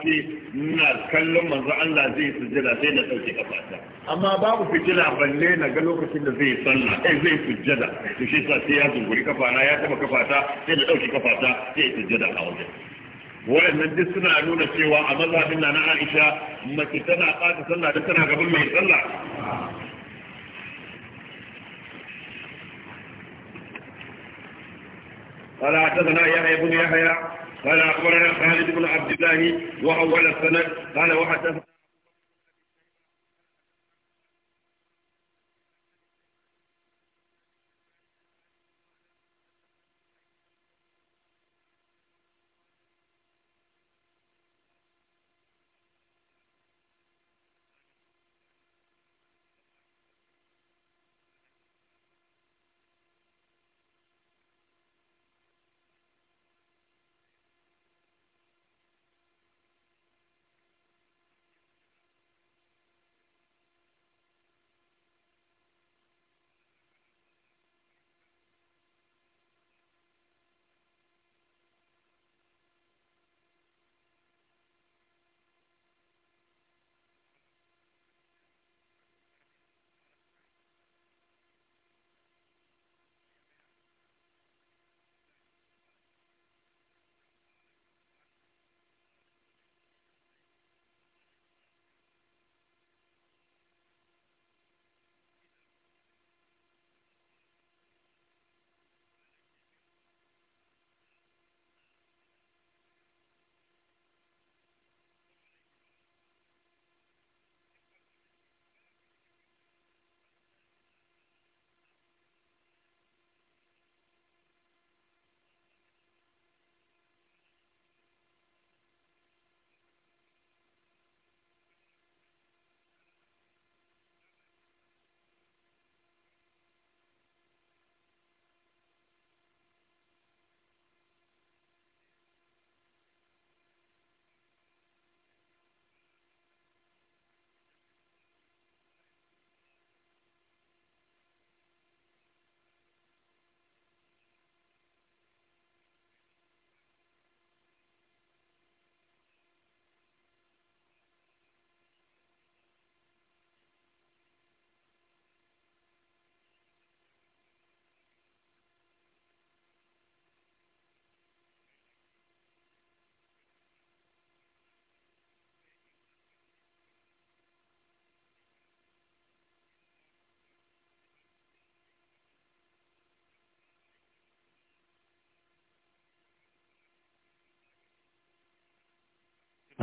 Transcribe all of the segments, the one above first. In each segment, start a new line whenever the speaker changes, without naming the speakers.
haske na kallon manzo Allah zai sujjada sai na dauke ta. amma babu fitila balle na ga lokacin da zai sallah sai eh, zai sujjada to shi sa sai ya zunguri na ya taba ta sai na dauke ta sai ya sujjada a wajen waɗannan duk suna nuna cewa a mazhabin na na Aisha mace tana ɓata sallah da tana gaban mai sallah قال حدثنا يحيى بن يحيى قال أخبرنا خالد بن عبد الله وأول السند قال وحدثنا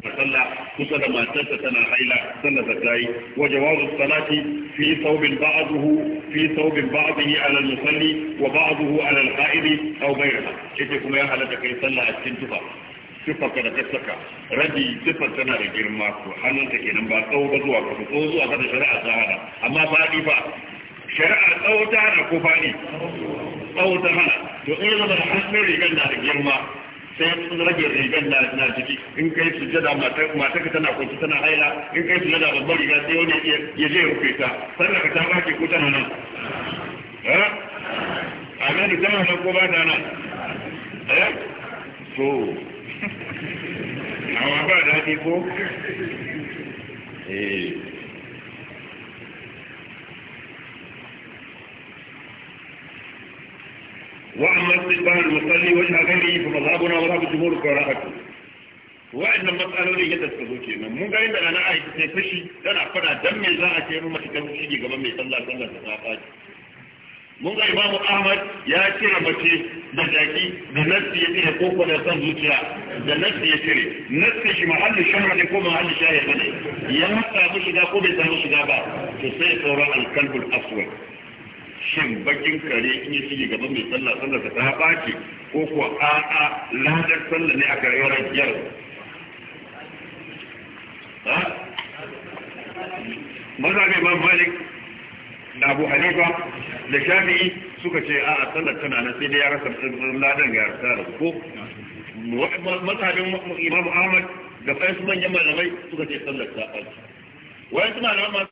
da kusa da matarsa tana haila sallar da tayi wa jawazu salati fi thawbin ba'dahu fi thawbin ba'dahu musalli wa ba'dahu ala al-qa'idi aw ghayriha yace kuma ya halatta kai sallah a cikin tufa sifar da ta saka rabi sifar tana da girma to hannunta kenan ba tsawo ba zuwa kafa tsawo zuwa kada shari'a ta hana amma shari'a ta hana ko tsawo ta hana na da girma sai sun rage rigar na na jiki in kai sujada mata mata ka tana kwanci tana haila in kai sujada babban riga sai wani ya je rufe ta sannan ka ta baki ko tana nan eh gani tana nan ko ba ta nan eh
to amma ba daɗi ko
eh وأما استقبال المصلي وجه غيره فمذهبنا مذهب الجمهور كراهته wa'annan matsaloli لي taska zo kenan mun ga inda na aiki sai fushi tana fada dan me za a ce mu mace ta fushi gaban mai sallah sallah mun ga Imam Ahmad ya kira mace da jaki da nafsi ya cire koko da san zuciya da nafsi ya cire nafsi shi mahallu shahra ne ko ne ya samu shiga ko bai samu shiga ba to sai sauran alkalbul aswad shin bakin kare in yi shige gaban mai sallah sallar ta ta ɓaci ko kuwa a'a ladar sallah ne aka yi rajiyar maza ga imam malik
da abu halifa da
shafi'i suka ce a'a sallar tana na sai dai ya rasa ladan ga rasa ko mazhabin imam ahmad da fayyar su manyan malamai suka ce sallar ta bace wayan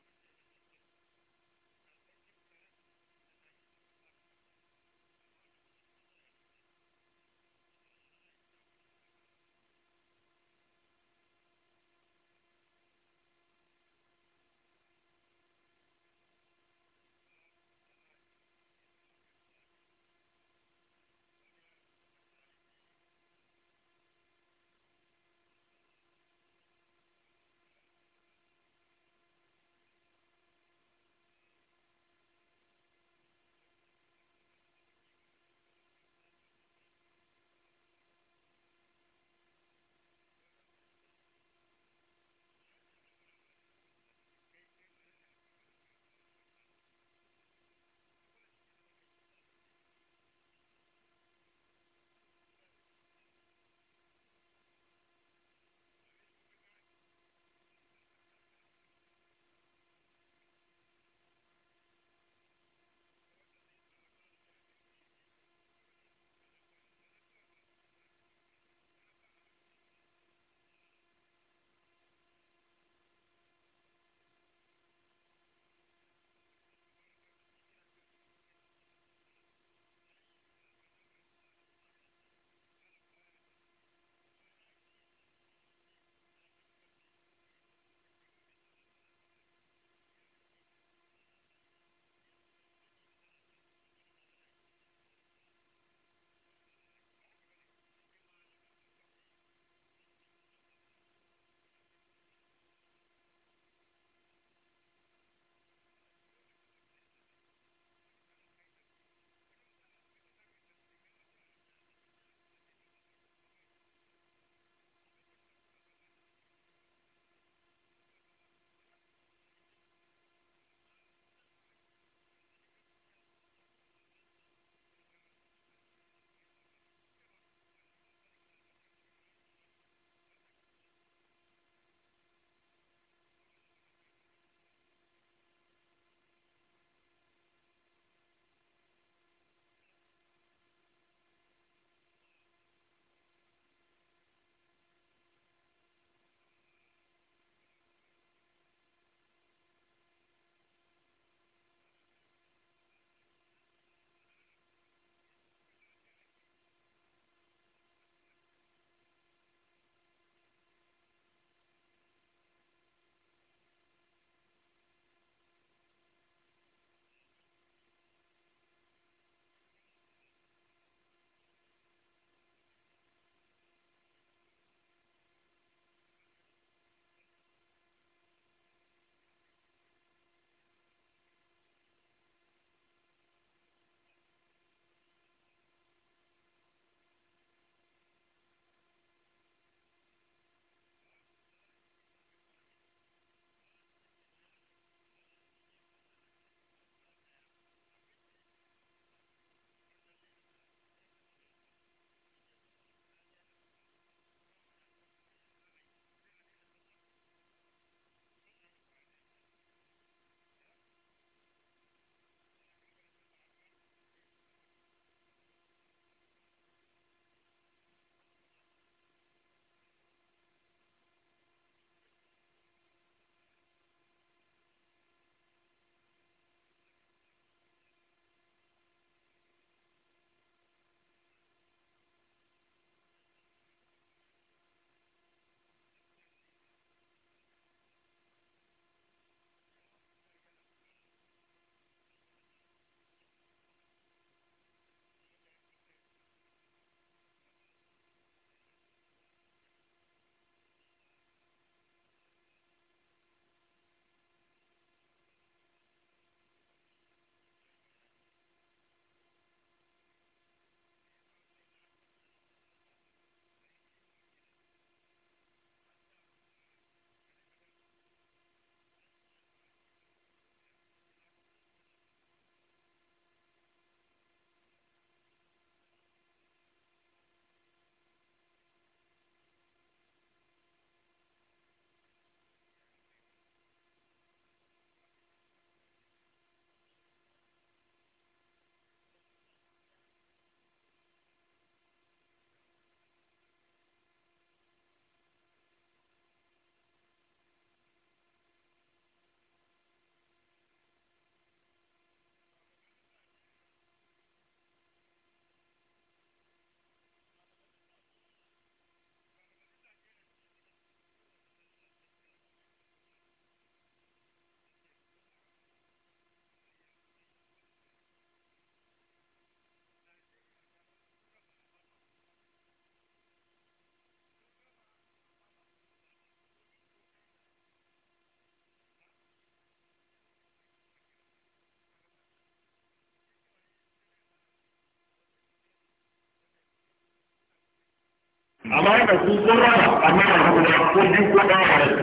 amma yana su sun rana amma na ko biyu ko ɗaya a rai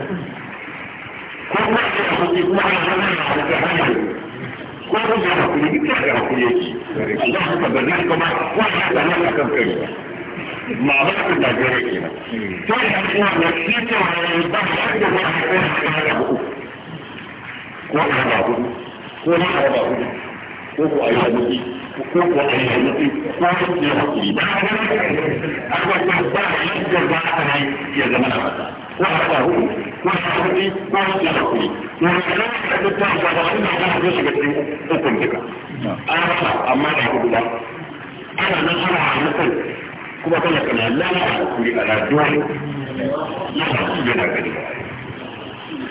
ko kuma ce a kuɗi kuma ana zama na harkar hanyar ko kuma ga hakuri duk da ga hakuri yake Allah haka ba zai kuma ko ya ga kai ba mamakin Najeriya kenan to ya ina da shi ce wa ba shi da uku
ko
ko ko وكوكو أي يمكن وكوكو يمكن بعد أول ما صار يجر بعدها يا زمان هذا وأخاه
وأخاه وأخاه وأخاه تتعب على أن هذا يشبه حكم بك أنا أما لا أقول لك أنا نشرع عن مثل
كما قال لك لا لا أقول على دول لا أقول لك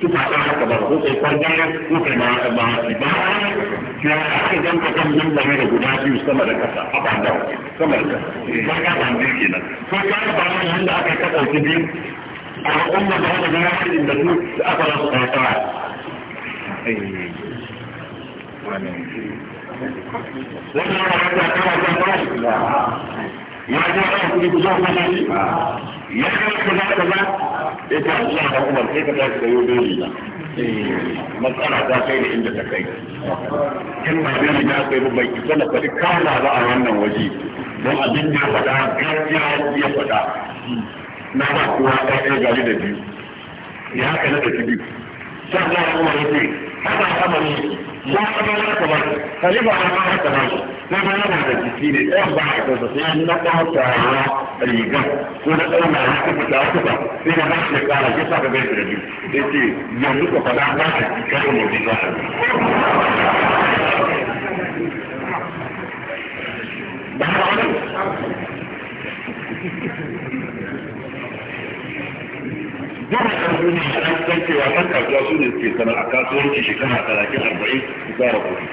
suka haɗa haka ba ko kai kwangana ko kai ba ba ba ya aka janka kan nan da mai guda biyu sama da kasa haka da
sama da kasa ba ka ban kenan
ko ka ba nan da aka kasa ki biyu a umma da wanda ya haɗa inda su aka rasu ta tsara wannan ya ta kama kan fara ya ji wani kuɗi ku zo kuma shi ya ji wani kaza kaza ya ta zuwa da
umar sai ka tashi da yau dole na matsala ta kai da inda ta kai in ba dole na kai ba bai kisa da faɗi kala ba a wannan waje don abin da ya faɗa gaskiya ya faɗa na ba kowa ɗaya gari da biyu ya haka na da biyu sannan umar ya ce haka al'amari ya kama na kama khalifa na ba haka na na ma yana da jiki ne ba a kasa sai na ɗauka ya riga ko na ɗauna ya kafa ta wata ba sai na ba shi ya ƙara ya sa ka bai da biyu sai ce yanzu ka faɗa ba a jika da mu jika
ba a dole an gudu da an san cewa kan kasuwa su ne suke sanar a kasuwanci shekara talatin
arba'in su tsara kuɗi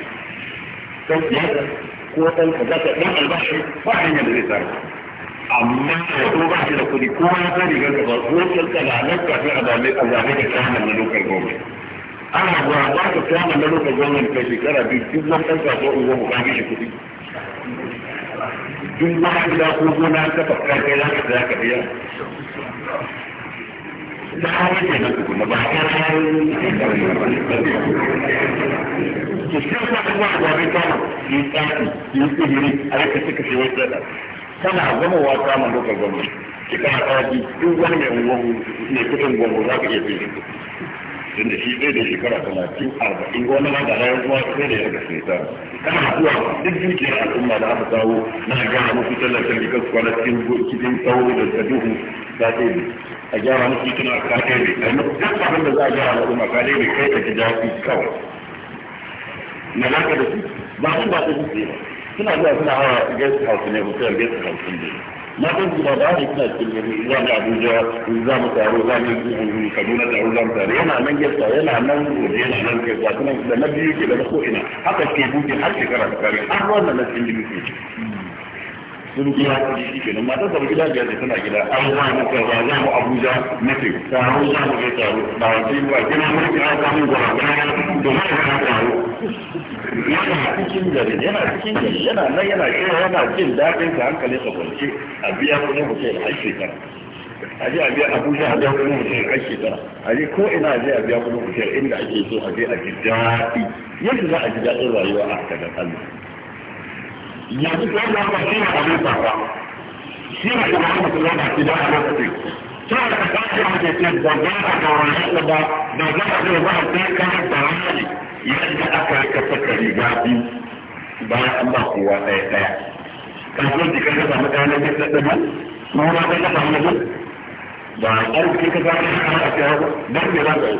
kan siyasa ko ɗan ka zaka ɗan albashi ba hanyar da zai tsara
amma ya ko ba shi da kuɗi ko ya
sa rigar ka ba ko kyauta da nan kafin a zaɓe a zaɓe da kayan na lokal gwamnati ana ba ba ka kayan na lokal gwamnati ka shekara biyu duk wani ɗan kasuwa unguwa mu ba shi kuɗi
duk wani gida ko gona ka faɗa kai za ka biya
da hali ne na tukuna ba ta hali ne da wani ke shi ta kuma da wani kama yi tsaki yi tsibiri a yaka suka shi wani tsada kana gama wa samun lokal gama ki kana tsaki duk wani mai ungon mai kudin gongo za ka iya fi tun da shi zai da shekara talatin arba'in wani da rayuwar ruwa sai da ya daga sai ta kana zuwa duk dukiyar al'umma da aka kawo na gana musu tallafin da kasu kwana cikin tsawo da duhu za ta yi a gyara musu tuna ka kai ne a musu duk abin da za a gyara al'umma ka dai ne kai ka ji daɗi kawai na laka da su ba sun ba su su ba suna zuwa suna hawa guest house ne hotel guest house ne na kan su ba ba ne suna cikin gani za mu abuja za mu taro za mu kaduna taro za mu taro yana nan guest house yana nan waje yana nan kai ba suna da na biyu ke da na ko ina haka ke buke har shekara ta kare har wannan na cikin gini sun kenan gida biyar ne tana gida an mu kaza za mu abuja taro za mu taro ba ba mun gwara gwara taro
yana cikin gari yana cikin gari yana nan yana kira yana jin daɗin
ka hankali ka a biya kuɗin mutum har shekara aje a biya abuja a biya mutum shekara ko ina a biya mutum inda ake so aje a ji daɗi yadda za a ji daɗin rayuwa a kadan allah
yanzu ko da ba shi ne abin fara shi ne kuma Allah ta zama shi da Allah ta ta da ka ce mu ce da ga ka ga wani da da ga ka ga ba ta ka da wani yadda
aka ka saka riga biyu bayan an ba kowa ɗaya ɗaya kafin jikin ka samu ɗaya na gaske ɗaya ma ma ka samu na ba a ƙarfi ka samu na gaske ba don me za ka yi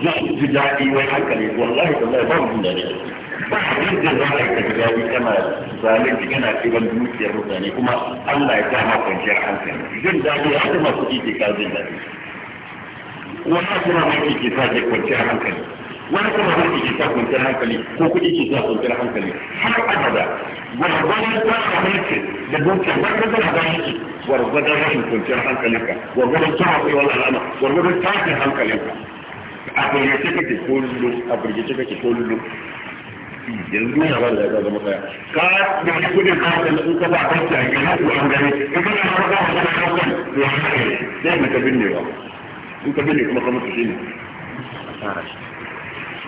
ji daɗi wai haka ne wallahi wallahi ba mu da ba abin da za a ka ji daɗi kana zalunci kana ɗiban dukiyar mutane kuma Allah ya sa ma kwanciyar hankali jin daɗi ya ta masu ike ka jin daɗi wani kuma ma ke sa ke kwanciyar hankali wani kuma ma ke sa kwanciyar hankali ko kuɗi ke sa kwanciyar hankali har abada gwargwadon ta amince da dukiyar gwargwadon da yake gwargwadon rashin kwanciyar hankalinka gwargwadon ta haƙuri wani al'amari gwargwadon tashin hankalinka a firgace kake kullum a firgace kake kullum yanzu ya bada ya zama tsaya ka da shi kudin ka da in ka ba kanki a gidan ku an gani in kana ka ba ka da kanki to ya ne sai ka binne wa in ka binne kuma ka mutu shine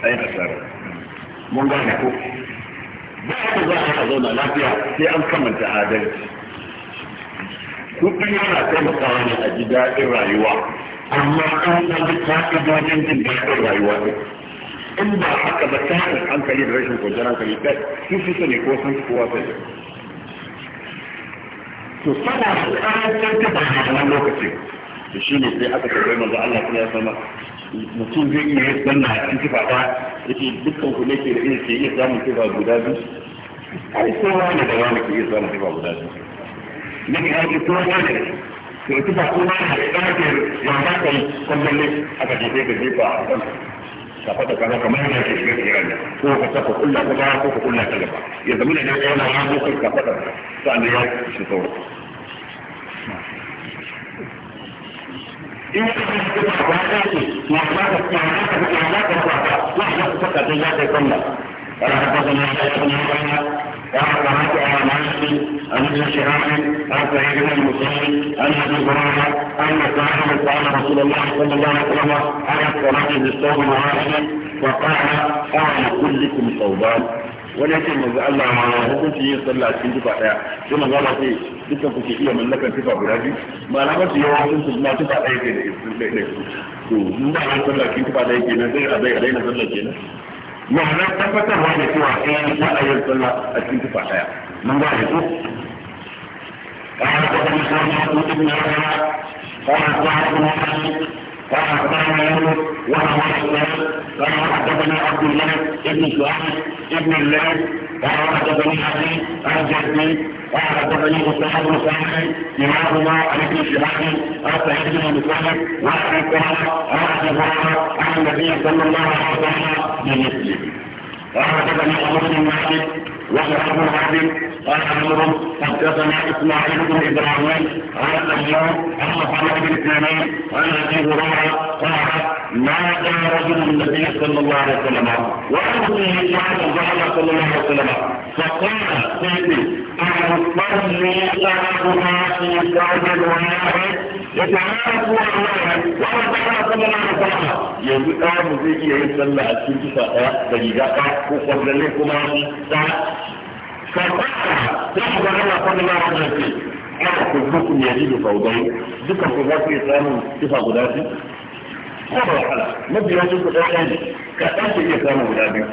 ai asara mun ga ko ba ka za a zauna lafiya sai an kamanta adalci kudi yana taimakawa ne a ji daɗin rayuwa amma an wani ka'idodin jin daɗin rayuwa ne in ba haka ba tashin hankali da rashin kwanciyar hankali ta su fi sani ko sun fi kowa sani to sana su ƙarancin ta ba a wani lokaci da shi ne sai aka karɓi manzo Allah kuma ya sama mutum zai iya yin wannan a cikin kifa ɗaya yake dukkan ku ne ke da iya ke iya samun kifa guda biyu ai kowa ne da wani ke iya samun kifa guda biyu ne ke haƙi kowa ne to ita ba kuma ta da ke ya ba kai kullum ne aka jefe da jefa ta fada kaza kamar yana ke shiga tsiran da ko ka saka kulla ko baya ko ka kulla ta gaba ya zama da ya na ya kai ka fada sannan ya shi sauran
in ka ji ka ba ka ce ya ba ka ya ba ka ya ba ka ya ba ka ya ba ka ya ba ka قال حدثنا يحيى بن يحيى وأخبرت على نفسي عن ابن شهاب عن سعيد بن المسيب عن ابي هريره ان صاحبا سال رسول الله صلى الله عليه وسلم عن الصلاه بالصوم واحد وقال
قال كلكم صوبان wani yake manzo Allah ma hukunci yin sallah a cikin tufa daya sai manzo Allah sai duka ku ke iya mallakar tufa guda biyu ma'ana mafi yawa sun su ma tufa daya ke da to mun ba sallah cikin tufa daya kenan sai a daina sallah kenan ma'ana tabbatarwa da cewa in yi sa'ayin sallah a cikin tufa ɗaya mun ba da ku ƙara ta kuma sauran kuɗin na rana ƙara ta kuma قال اخبرنا يونس وهو الاسلام قال حدثنا عبد الله بن شعيب بن الله قال حدثني علي عن جهمي قال حدثني اسامه بن سعيد امامهما عن ابن شهاب عن سعيد بن مسلم وعن قال عن ابي هريره عن النبي صلى الله عليه وسلم بمثله قال حدثني عمر بن مالك يحيى بن عبد قال عمرو حدثنا اسماعيل بن ابراهيم قال اليوم عن محمد بن سليمان عن ابي هريره قال ما جاء رجل النبي صلى الله عليه وسلم وامره بعد الظهر صلى الله عليه وسلم فقال سيدي اصلي ثلاث في ثوب واحد وتعالى هو الله وما تعالى صلى الله عليه وسلم yanzu ɗaya mu zai iya yin sallah a cikin kisa ɗaya da riga ɗaya ko kwallalle kuma ɗaya karɓa sai mu zama na kwallalle a wajen ce ana kulkukun ya ji da faudai dukan ku za ku iya samun kisa guda biyu ko da wahala mafi yawancin ku ɗaya ne kaɗan ke iya samun guda biyu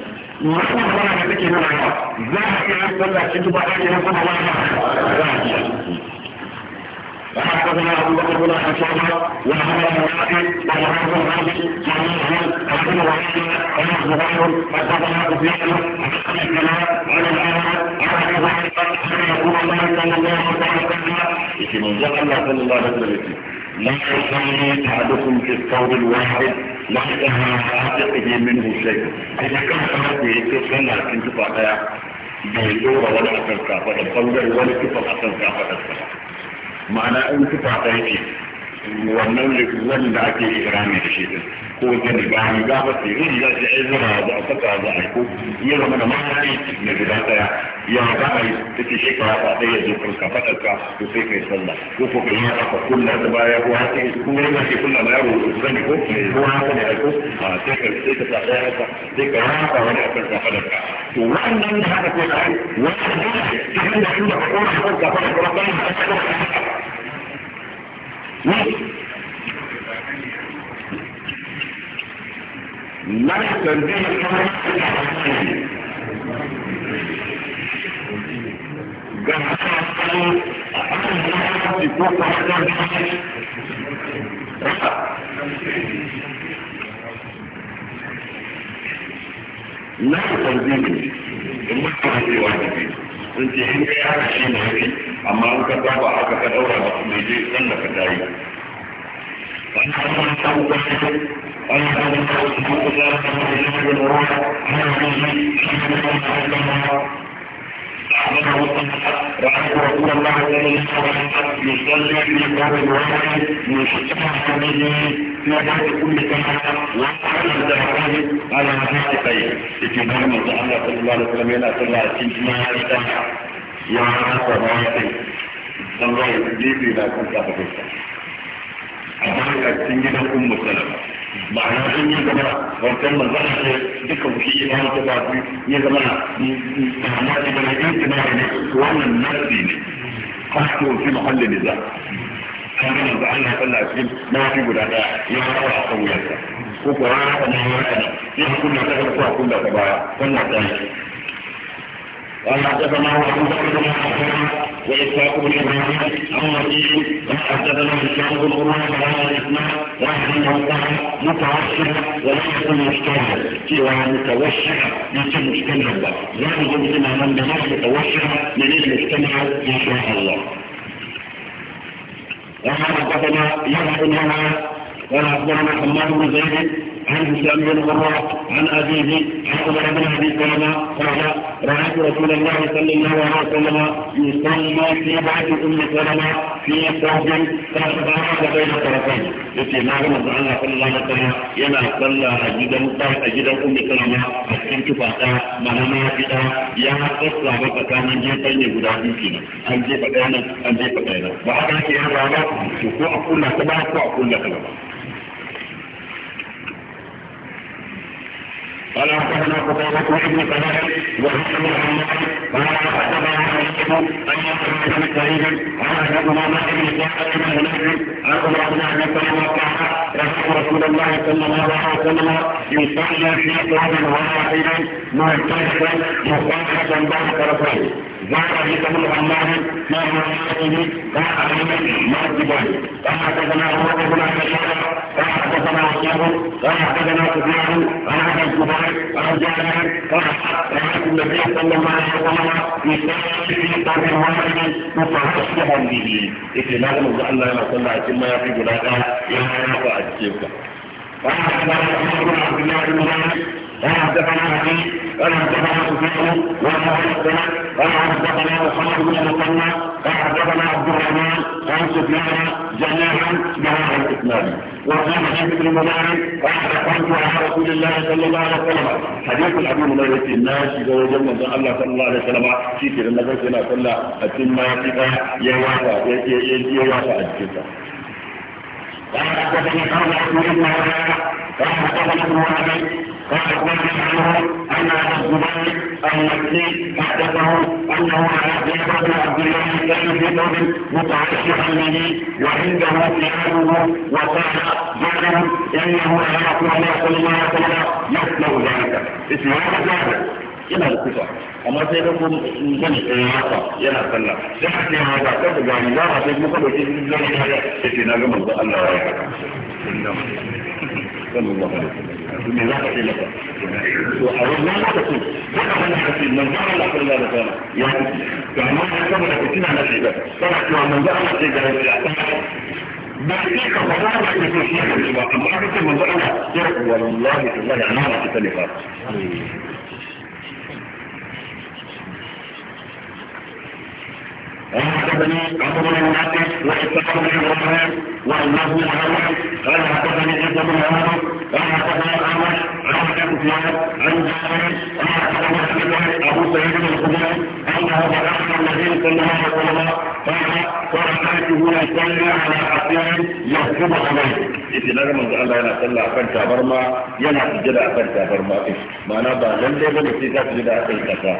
wannan magana da take nuna za a iya yin sallah cikin tuba ɗaya ne kuma wani ba za a iya وحدثنا ابو بكر بن ابي شعبه وعمر بن رافع وعمر بن رافع جميعا عن وعلي عن زهير
حدثنا سفيان عن الكلام عن الاعمى عن ابي هريره ان رسول الله
صلى الله عليه وسلم في منزل الله صلى الله عليه وسلم لا يصلي احدكم في الثوب الواحد ليس على عاتقه منه شيء اذا كان حد يتصلى كنت فاتح بيدور ولا اكل كافه الفوز ولا كفر اكل كافه الفوز ma'ana in kuka ɗaya ne wannan rikizan da ake ikirami da shi din ko ta ne ba ni gaba ce zai ya ce ai zama da a saka za a ko ya zama da mahari na guda daya ya za a yi ta ce shekara ta ɗaya zo kan ka faɗa ka to sai kai sallah ko ko kai ya aka kulla ta baya ko haka ko ne ma ke kulla ba yaro ko zani ko ko haka ne ko sai ka sai ka sa ɗaya haka sai ka haka wani akan ka faɗa ka to wannan da haka ko da wannan da inda inda ko ka faɗa ka ba ka لا تنزيل كما
لا تنزيل المحفظ الواجبين sun ce in kai haka shi ne yafi
amma in ka saba haka ka daura ba kuma je san da ka tayi
an samu an samu kwanan an samu an samu an samu an samu an samu an samu an samu an samu an samu an samu Allah ya kuka ba kusa,
a ba ya cin gidan kun musulama. ma'ana in yi zama wancan manzana ce duka wuce ya zama ta zafi ya zama na ma'ana da na yin da ne wannan nazi ne a hasko fi mahallin nisa kan gina da Allah sallah cikin mafi guda daya ya rawa a kan wuyarsa ko kuwa ya rawa na ya rawa ya kunna ta gaba kuwa kunna ta baya wannan ta yi. Allah ta zama wa kuma ta zama وإسحاق بن إبراهيم عن وكيل وحدثنا هشام بن قرآن على الإسلام رحمه الله متعصبا ولا يكون مشتبها سوى متوشعا لكن مجتمعا لا يجوز لنا من بغير متوشعا من المجتمع إن شاء الله وحدثنا يحيى بن ولا أخبرنا حماد بن زيد عن هشام بن مرة عن أبيه عن عمر بن أبي سلمة قال رأيت رسول الله صلى الله عليه وسلم يصلي في بعض أم سلمة في ثوب فأخذ بين الطرفين يقول ما هو الله صلى الله عليه وسلم يما صلى أجدا أجدا أم سلمة أكين تفاتا مهما جدا يا تصلى فكان جيبين يقول أبيكنا أن جيب أنا أن جيب أنا وهذا كي هذا ko a kulla ta ba ko a
قال حدثنا قتيبة بن سعيد وحسن محمد قال حدثنا حديث أن يحدث
بن سعيد قال حدثنا مالك بن سعد بن هنيد عن عمر بن عبد الله قال رأيت رسول الله صلى الله عليه وسلم يصلي في قوم واحد معتزلا مخالفا بين طرفيه لا طريق من غمام ما مسيرته لا عليم ما اتباعه لا حدثنا عمر بن عبد الشعب لا حدثنا وكيع لا حدثنا سفيان عن ابي الزبير عن جابر قال رايت النبي صلى الله عليه وسلم يصلي في قبر واحد متوسما به إذا لازم الله صلى الله عليه وسلم في بلادها يا رب أجيبك
قال حدثنا عمر بن عبد الله بن مالك لا حدثنا عبيد ولا حدثنا سفيان ولا حدثنا ولا حدثنا محمد بن المثنى
ولا حدثنا عبد الرحمن عن سفيان جميعا بهذا الاسلام وفي حديث بن مبارك قال دخلت على رسول الله صلى الله عليه وسلم حديث ابي هريره الناس اذا وجدنا الله صلى الله عليه وسلم في كده النبي صلى الله عليه وسلم اتم ما يقع يوافى يوافى الجنه
قال حدثني قول احمد بن عباده قال حدثني ابن ابي قال اخبرني عنه ان ابا الزبير المكي حدثه انه على جابر بن عبد الله
كان في قوم متعشقا به وعنده ثيابه وقال جابر انه على رسول الله صلى الله عليه وسلم يسمع ذلك اسمه جابر yana da kusa amma sai da kun zan tsayawa yana sallah sai ka tsaya ba ka ga ni ba sai kuma ka dauki zan zan ya sai ce na ga manzo Allah ya haka sallallahu alaihi wasallam me za ka ce maka to a wannan lokacin da ka fara ka ce manzo Allah sallallahu alaihi wasallam ya ce to amma ka kama da kina na shi ba kana cewa manzo Allah sai ga ya ba sai ka fara da ke so shi ba amma ka ce manzo Allah ya wallahi tallahi ana ma ta ne ba حدثني عمر بن النافع واسحاق بن ابراهيم والله محمد قال
حدثني عيسى بن عمر قال حدثني احمد عن سفيان عن جابر قال حدثني ابو سعيد الخدري انه بعث النبي صلى الله عليه وسلم قال فرأيته يصلي على حسين يخطب عليه. إذا لم يقل الله أنا صلى أكن تابرما
ينا سجد أكن تابرما معناه بأن لم يكن سجد أكن تابرما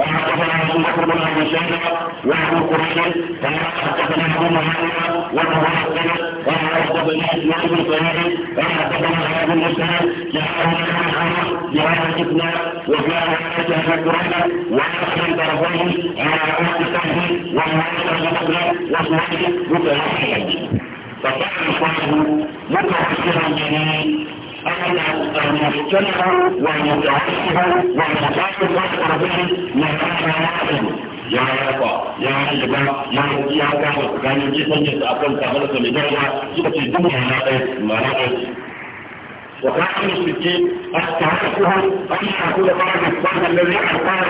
وحدثنا ابو بكر بن ابي شيبه وابو قريش قال حدثنا ابو معاويه وابو مسلم قال حدثنا اسماعيل بن سعيد قال حدثنا ابو مسلم جاءه عن عمر بهذا الاسلام وجاء حتى ذكرنا واخر طرفيه على عهد سهل ومعاويه
بن مسلم وسعيد متوحدا فكان صاحبه متوحدا جميل أمل أن يفتنها ya يتعيشها وأن يتعيش ya يتعيش مكان واحد ya rafa ya shiga ya ya kama tsakanin jisan yadda akan kamar sa mai daraja suka ce duk ma'ana ɗaya ma'ana وقال المشركين استعرفتهم ان اقول بعض الصنع الذي اقال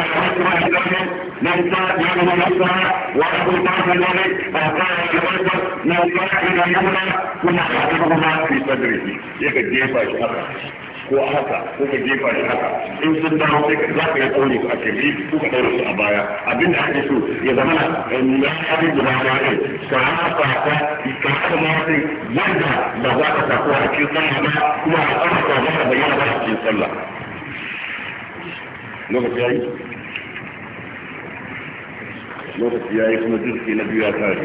عليها الامر من كان يعمل نفسها واقول بعض ذلك اقال الرجل من كان يعمل كل حاجه في صدره يكفي جيبه شهر ko haka ko ka jefa shi haka in sun dawo sai za ka yi ɗaure a kirji ko ka ɗaure su a baya abin da ake so ya zama na abin da ba ya kai ka haɗa ka ka haɗa ma sai yadda ba za ka sako a cikin sallah ba kuma a ƙarfa ba ka bayyana ba a cikin sallah lokaci yayi lokaci kuma jirgi na biyu ya kare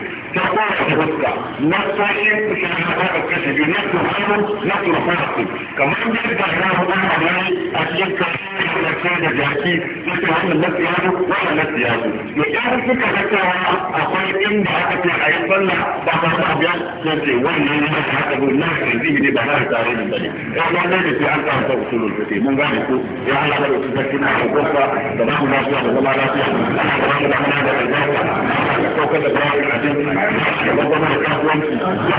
da a Ya Allah, kita kena berdoa, dan aku nak buat apa-apa lagi. Aku nak buat apa-apa lagi. Aku nak buat apa-apa lagi. وكذا الله العزيز وطن الكهوان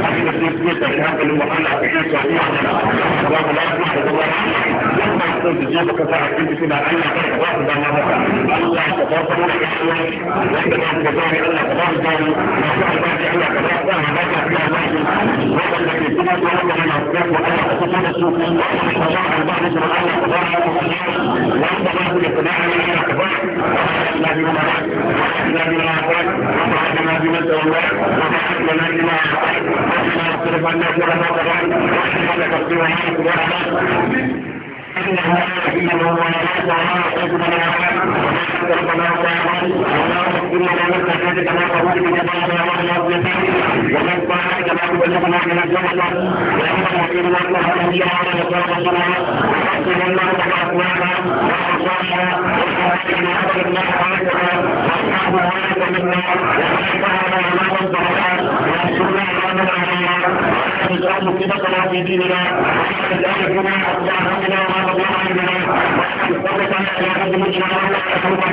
وحديد السيسية تشهد المحلة في كيس وحيح الله لا يسمح الله لما يكون تجيبك فأكيد فينا ألا تتواصل بما هذا الله تتواصل لك
الشيء وإنما تتواصل ألا تتواصل وإنما تتواصل ألا تتواصل وإنما تتواصل ما تولى من الكتاب وألا تكون السوق وجاء البعض من ألا تضاعف وأنت لا تتبع من ألا تضاعف لا بما لا بما أعطاك وأنت لا بما تولى وأنت لا بما أعطاك وأنت لا تصرف عنا شر ما تضاعف وأنت لا تصرف عنا شر ما تضاعف إنها إن المؤمنات لا يجب أن يكون كما قال إنما نستفيد كما قال من الله ومن قال
كما بلغنا من الجنة وأن الذين نقلها الأنبياء والرسول والصلاة وحسن الله أخلاقها وأنصارها وحسن أخلاق الله
خالقها وأصحاب ذلك منا وأصحاب ما لهم ظهرها وأنصرنا على من عليها تجعل كتابنا في ديننا تجعلنا أصلاحنا إلى حد مجمع وأصلاح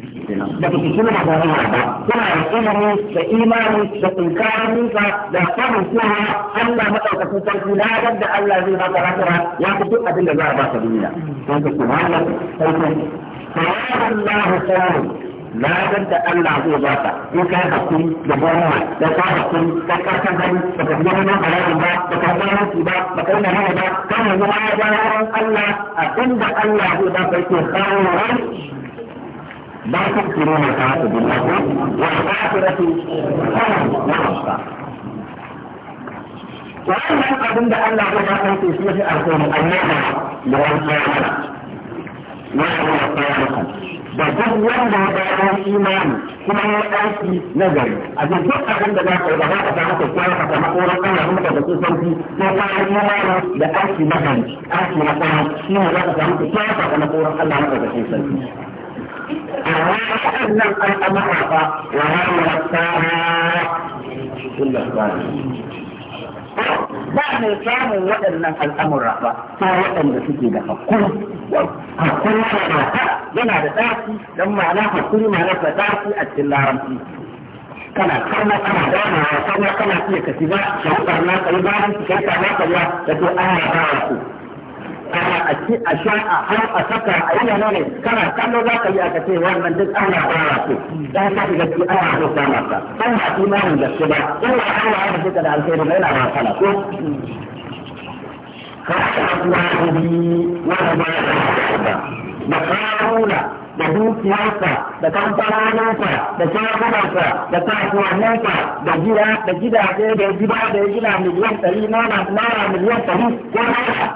da ba su suna da rana ba suna da ilimi da
imani da tunkarin nisa da samun cewa Allah madaukakin sarki na yadda Allah zai baka rakara ya fi duk abin da za a baka duniya
don ka subhanak sarki
sallallahu alaihi ladan da Allah zai ba ka in ka hakuri da gwamna da ka hakuri da ka san gani da ka zama nan halayen ba da ka zama nan ba da ka zama nan ba ka zama nan ba Allah abinda Allah zai ba ka yake kawo ran لا تذكرون الحياة بالله والآخرة خير وأبقى
وأنا أظن أن الله لا تنسي في أركان أنها لمن وهو صالحا da duk
wanda ya bayan imani kuma ya aiki gari. a jirgin duk abin da za ka yi ba za ka samu kyakkyawar ka samu koran kana kuma da su sauki ko kayan da aiki nazari aiki na shi za ka samu
أن القلق معك وهو الساعة كل الظالمين
ba mai samun waɗannan al'amura ba sai waɗanda suke da hakuri hakuri mata yana da ɗaki don ma'ana hakuri ma'ana da ɗaki a cikin larabci kana kana
kana damawa kana kana iya ka shiga shaukar na kai bayan ka kai ka na kai da to ana ba ku a ci a sha a har a saka a yi yana ne kana kallo za ka yi aka
ce wannan duk Allah ba ya ce dan ka ga ki Allah ko ta maka kan ba imanin da shi ba Allah Allah ya ce da alheri mai na ba sala ko ka Allah bi wa ba da karuna da dukiyarsa da kamfanoninsa da shagunansa da kasuwanninsa da gida da gidaje da gida da gida miliyan ɗari naira miliyan ɗari ko naira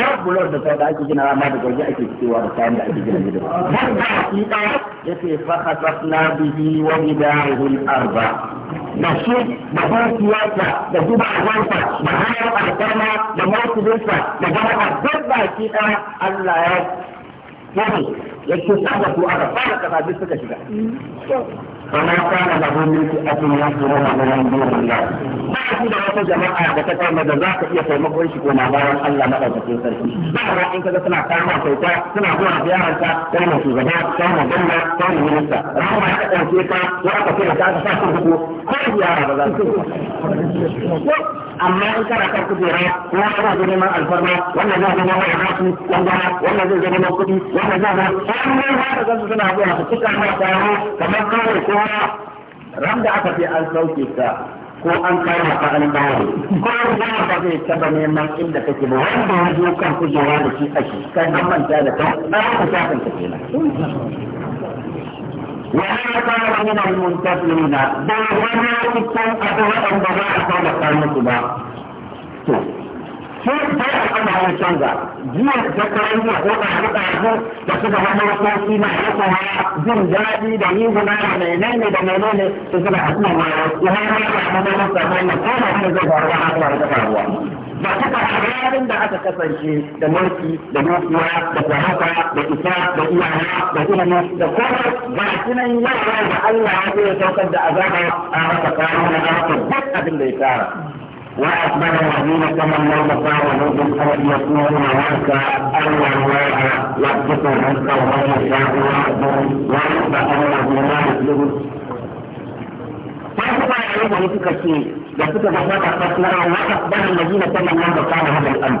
har bulon da kai da ake gina rama da gwaje ake cewa da kayan da ake gina gida har da hakika yace fa khasafna bihi wa bidahu arba da shi da barkiyarsa da gudawarsa da hayar alkarma da martubinsa da gaba duk baki ɗaya Allah ya yake ya ce sabatu aka fara kasa duk suka shiga
mm.
وما كان له من فئة ينصرون من دون الله ba su da wata jama'a da ta kama da za ka iya taimakon shi koma bayan Allah madaukakin sarki ba ra in kaga suna kama kyauta suna zuwa ziyarar ka kai mai shugaba kai mai gwamna kai mai minista rahama ta ɗauke ka ko aka kira ka aka sa kurkuku ko ziyara ba za su amma in kana kan kujera ko kana da neman alfarma wannan zai zama wani hasu wanda wannan zai zama kuɗi wannan zai zama wannan za ka gansu suna zuwa su cika na taro kamar kawai kowa ran da aka fi an sauke ka ko an kawo ka an bawo ko ba ba zai taba neman inda kake ba wanda ya zo kan kujera da shi ake kan manta da kan an ka ta kan kenan
وأنا كان من
المنتظرين بل وما كنت أتوقع أن بغاء صالح المصباح sai sai abin da ya canza jiya da kayan jiya ko da haɗu ɗazu da suka zama wasoci na rasa jin daɗi da riguna da menene da menene su suka haɗu na wani wani wani wani wani wani wani ko da wani zai faru ba haka wani ta faruwa ba su ka halin da aka kasance da mulki da dukiya da sarauta da isa da iyaye da ilimi da kowa ba shi nan yau da Allah ya saukar da azaba a haka kawo na haka duk abin da ya tara وأكبر الذين تمنوا مقامه بالأرض يكونون هناك أن الله يبسط الرزق ومن يشاء ويقدر ويخبى أنه لا يسلم فأنتم يعلمون لتلك الشيء يكتب هذا قتلها وأكبر الذين تمنوا مقامه بالأمر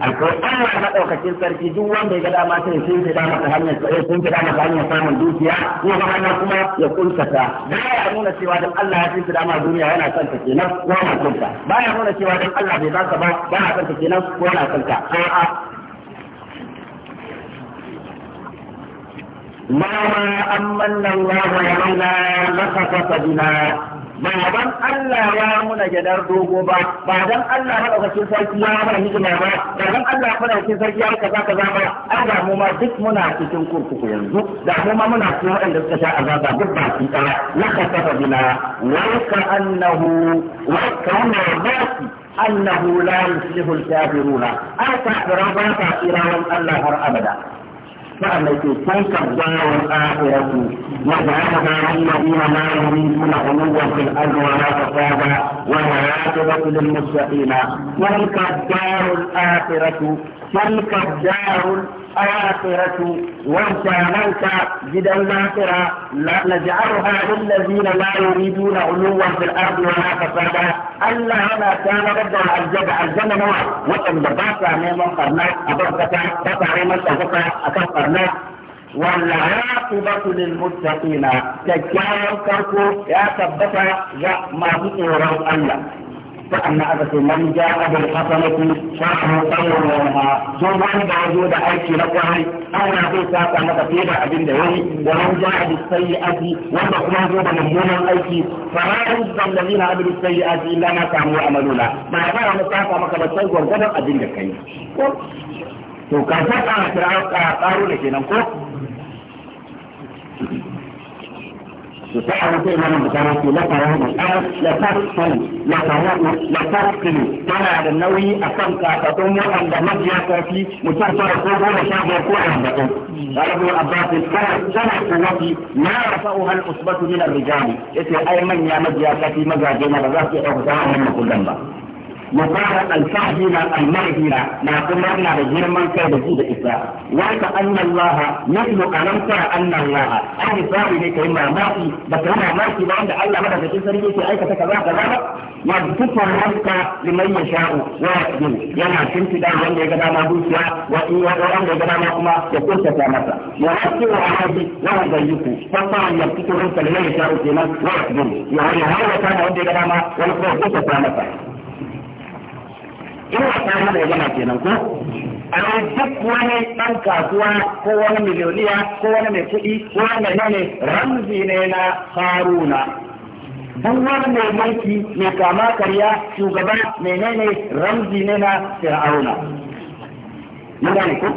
alkawai Allah maɗaukakin sarki duk wanda ya ga dama sai sun fi dama ta hanyar sai sun fi dama ta hanyar samun dukiya ko ba hanyar kuma ya kuntata ba ya nuna cewa dan Allah ya fi dama duniya yana son ta kenan ko yana son ba ya nuna cewa dan Allah bai baka ba ba yana son ta kenan ko yana son ta a'a ما أمن الله علينا لخسف بنا ba dan Allah ya muna gidar dogo ba ba dan Allah cikin sarki ya muna hikima ba ba dan Allah cikin sarki ya kaza kaza ba an ga mu ma duk muna cikin kurkuku yanzu da mu ma muna cikin waɗanda suka sha azaba duk ba su tsara la kasafa bina wa ka annahu wa ka annahu annahu la yuslihu al-kafiruna an ka rabba ka irawan Allah har abada فأمتي تلك الدار الآخرة وجعلها للذين لا يريدون علوا في الأرض ولا فسادا والعاقبة للمتقين تلك الدار الآخرة تلك الدار الآخرة وانت موت جدا الآخرة نجعلها للذين لا يريدون علوا في الأرض ولا فسادا ألا أنا كان ربنا الجد الجنة وكم دباسة من قرنا أبركة تطعيما تفكة أكم قرنا والعاقبة للمتقين تجاوز كركو يا سبتا يا ما بطورا الله فأن أبت من جاء بالحسنة شرحه خير منها ثم عند وجود أيك لقوه أنا في ساقة متفيدة أبن دهوي ومن جاء بالسيئة ومن كنا زود مهمونا أيك فلا يجزى الذين عملوا السيئات إلا ما كانوا يعملون ما كان مساقة مكبتين وردنا أبن دكين to ka ta kana kira ƙaro يتحدث إمام البخاري لا ترون الآن لا تقتل لا ترون لا تقتل كان على النووي أكم كاتتم وأن دمج يأتي متأثر قوة وشاب يقوى عندكم قال ابن عباس كان كان قوتي ما رفعها الأصبة من الرجال إذا إيه، أي من يمد يأتي مزاجين بذات أخذها من كل ذنب مبارك الفهد لا المهدي لا ما كنا da girman kai da ji da isa wanda annallaha nahnu alam tara annallaha ai misali ne kai mamaki da kai mamaki ba wanda Allah madaukakin sarki yake aikata kaza kaza ba ya tuka ranka liman yasha'u wa yaqdir yana shimfida wanda ya ga dama dukiya wa in ya wanda ya ga dama kuma ya kunta ta masa ya hakki wa hadi wa hadayiku fa ya tuka ranka liman yasha'u kenan wa yaqdir ya hawata wanda ya ga dama wani kuma ya kunta ta masa ina ta mana magana kenan ko amma duk wani ɗan kasuwa ko wani miliyoniya ko wani mai kuɗi ko wani mai nane ramzi ne na haruna duk wani mai mulki mai kama karya shugaba menene ramzi ne na fir'auna mun gane ko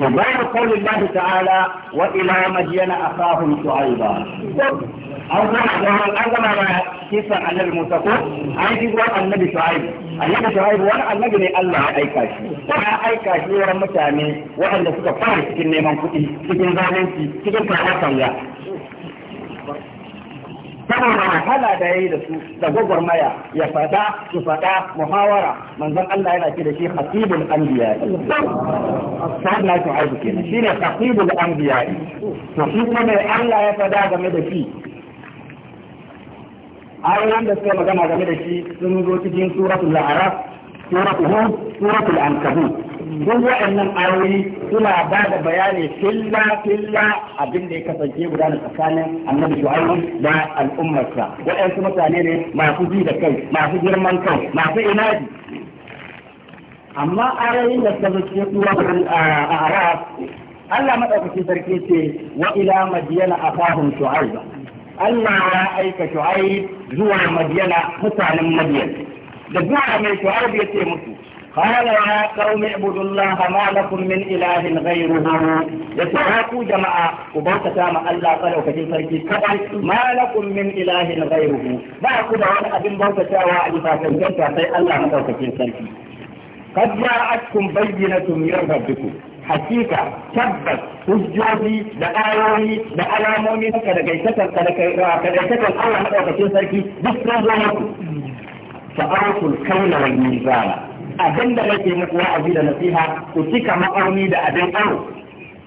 وغير قول الله تعالى وإلى مدين أخاهم شعيبا أعظم ما كيف النبي موسى قول عايزين وان النبي شعيب النبي شعيب وان النبي لي الله أي كاش وان أي كاش ورمتاني وان لسك فارس كنين من كتين كتين ظالمتي كتين كتين كتين saboda wahala da yayi da su da gwagwarmaya ya fada su fada muhawara manzon Allah yana ce da shi khatibul anbiya sahabna su aibu kenan shine khatibul anbiya to shi kuma mai Allah ya fada game da shi ayoyin da suka magana game da shi sun zo cikin suratul a'raf سورة هود سورة العنكبوت duk wa'annan ayoyi suna ba da bayani filla filla abin da ya kasance gudana tsakanin annabi shu'aibu da al'ummarsa waɗansu mutane ne masu ji da kai masu girman kai masu inadi amma ayoyin da suka zuciya kuwa a arab Allah maɗaukaki sarki ce wa ila madiyana afahum shu'aiba Allah ya aika shu'aib zuwa madiyana mutanen madiyana قال يا قوم اعبدوا الله ما لكم من اله غيره يتعاقوا جماعة وبوتا تاما الله قالوا كجين سركي كبير ما لكم من اله غيره باكو وانا ابن بوتا تاوى عجفاكم جنتا سي الله مدوكا كجين سركي قد جاءتكم بينة من ربكم حقيقة تبت تجوزي لآيوني ayoyi da alamomi suka da gaisatar ka da kai da Allah فأوفوا الكيل والميزان أبن لكي مكوا أزيد نصيحة وتيك مقرني دا أبن أو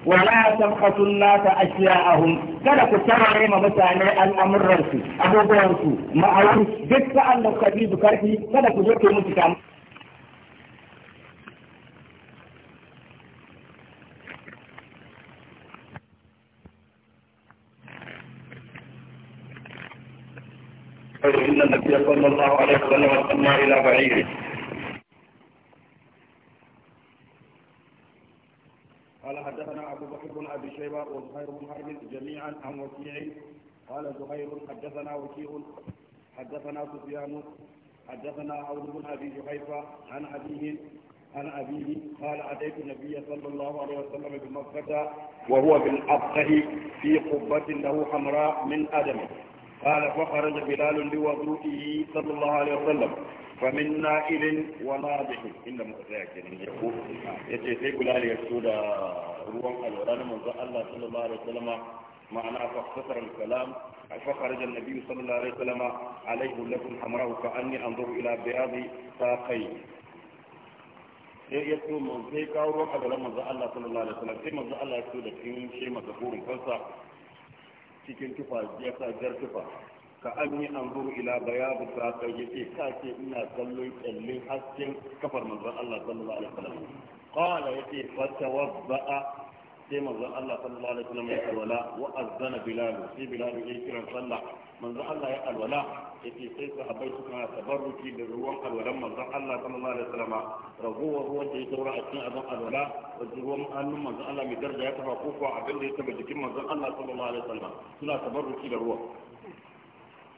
ولا تبخسوا الناس أشياءهم kada ku tarare ma mutane al'amuransu abubuwansu ma'aurin duk sa'an da kuka bi su karfi kada ku zo ku mutu kamar فإن النبي صلى الله عليه وسلم سمى إلى بعيره قال حدثنا أبو بكر بن أبي شيبة وزهير بن حرب جميعا عن وكيع قال زهير حدثنا وكيع حدثنا سفيان حدثنا عوض بن أبي جحيفة عن أبيه عن أبيه قال أتيت النبي صلى الله عليه وسلم بمكة وهو بالأبقه في قبة له حمراء من أدمه قال فخرج بلال بوضوئه صلى الله عليه وسلم فمن نائل وناضح إلا متذاكر يقول يتي في بلال يسود روح الوران من الله صلى الله عليه وسلم معنى فاختصر الكلام فخرج النبي صلى الله عليه وسلم عليه لكم حمراء كأني أنظر إلى بياض ساقي sai ya so mun sai kawo ruwan azalan manzo Allah sallallahu alaihi wasallam sai manzo Allah ya so da cikin shi masa burin kansa cikin tufa ya sa jar tufa ka an yi an zuru ila bayadu saka ya ce ka ce ina kallon kyallin hasken kafar manzon Allah sallallahu alaihi wasallam qala ya ce fatawazza'a sai manzon Allah sallallahu alaihi wasallam ya alwala wa azana bilal sai bilal ya kira sallah manzon Allah ya alwala yake sai sahabbai suka tabarruki da ruwan alwalan manzon Allah sallallahu alaihi wasallam ragowar ruwan da ya saura a cikin azan alwala da ruwan hannun manzon Allah mai daraja ya tafa ko kuwa abin da ya taba jikin manzon Allah sallallahu alaihi wasallam suna tabarruki da ruwan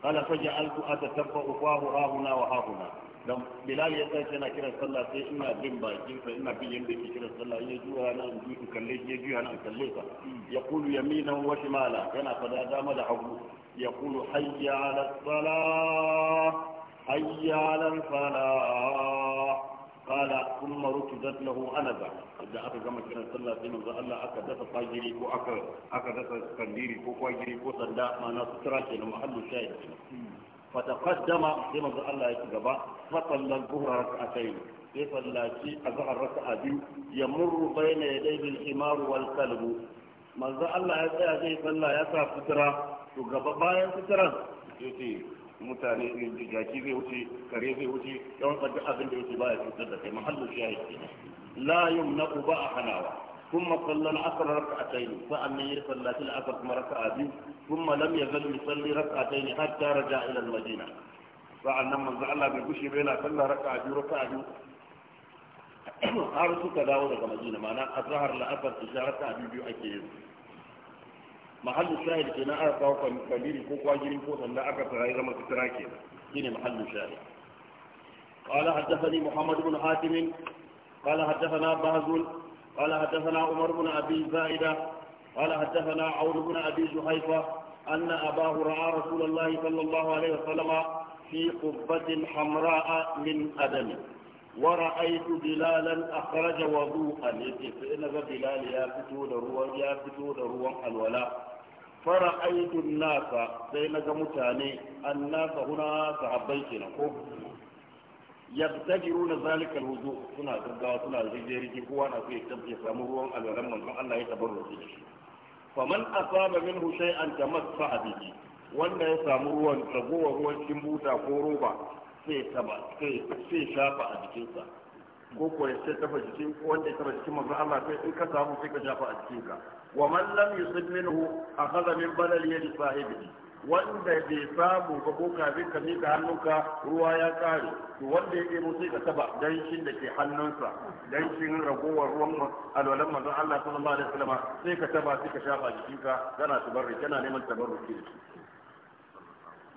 قال فجعلت أتتبع فاه ها هنا وها هنا Don bilal ya sai yana kiran sallah sai ina bin bakin sa ina bin yanda yake kiran sallah ya juya na in ji kalle ya juya na kalle sa ya kulu yaminan wa shimala yana fada dama da hagu ya kulu hayya ala salah hayya ala falah قال ثم ركزت له انذا da aka gama kiran sallah sai manzo Allah aka dafa fajiri ko aka aka dafa kandiri ko kwajiri ko sanda ma'ana sutura kenan mahallu shahid hmm. fataqaddama sai manzo Allah ya ci gaba فصلى الظهر ركعتين يصلى شيء أزعر ركعة يمر بين يدي الحمار والكلب ما mutane irin zai wuce kare zai wuce yawan tsaka abin da yake baya cutar da kai mahallin shahid ke la yum na uba a hanawa kuma sallan asar raka a tsaye sa'an nan yi sallaci la'asar kuma raka a biyu kuma lam ya zalli raka a tsaye har tara ja'ilal madina sa'an nan manzo Allah bai gushe ba yana sallah raka'a biyu raka'a biyu har suka dawo daga Madina ma'ana azhar la'asar isha raka'a biyu biyu ake yin mahallu shahid kenan aka kawo kamiri ko kwagiri ko sanda aka tsaya zama sutura kenan shine mahallu shahid قال حدثني محمد بن حاتم قال حدثنا بهز قال حدثنا عمر بن ابي زائده قال حدثنا عون بن ابي جحيفه ان اباه راى رسول الله صلى الله عليه وسلم في قبة حمراء من أدم ورأيت بلالا أخرج وضوءا يتفئن بلال يا فتود روى يا فتود روى الولاء فرأيت الناس بين متاني الناس هنا تعبيتنا يبتدرون ذلك الوضوء سنة تبقى سنة رجيري كوانا في تبقى سامرون الولم من الله يتبرر فيه فمن أصاب منه شيئا تمسح به wanda ya samu ruwan ragowar ruwan cikin buta ko roba sai taba shafa a jikinsa ko ko ya sai tafa jikin wanda ya taba jikin manzo Allah sai in ka samu sai ka shafa a jikinka wa man lam yusib minhu akhadha min balal yadi sahibihi wanda bai samu ba ko kafin ka mi mika hannunka ruwa ya kare to wanda ya ɗebo sai ka taba danshin da ke hannunsa danshin ragowar ruwan alwalan manzo Allah sallallahu alaihi wasallam sai ka taba sai ka shafa jikinka kana tabarruki kana neman tabarruki da shi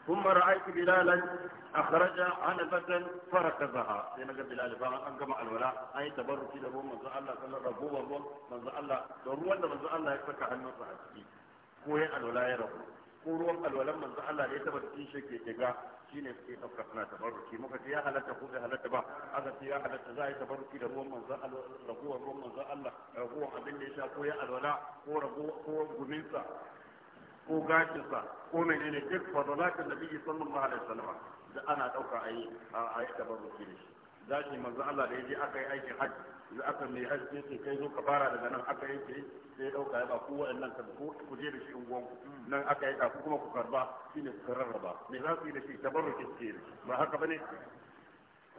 ثم رأيت بلالا أخرج عنبة
فركزها
سينا بلال فما أنقم الولاء أي تبرك له من زعل الله صلى الله عليه من زعل الله دروا من زعل الله يفكى عن مصر كوي الولاء يرغب ko ruwan alwalan manzo Allah da ya taba cikin shi ke kiga shine suke tafka suna tabarruki muka ce ya halatta ko bai halatta ba aka ce ya za a yi tabarruki da ruwan manzo Allah da ruwan manzo Allah da ruwan abin da ya sha alwala ko guminsa
ko gashinsa ko
menene duk fadalatin nabi sallallahu alaihi wasallam da ana dauka ayi ayi tabarruki da shi zaki manzo Allah da yaje aka yi aikin hajji da aka mai hajji sai sai kai zo ka fara daga nan aka yi sai sai dauka ya ba ku wa'annan ka ko ku je da shi unguwan ku mm. nan aka yi da ku kuma ku karba shine ku rarraba me za su yi da shi tabarruki ke ba haka bane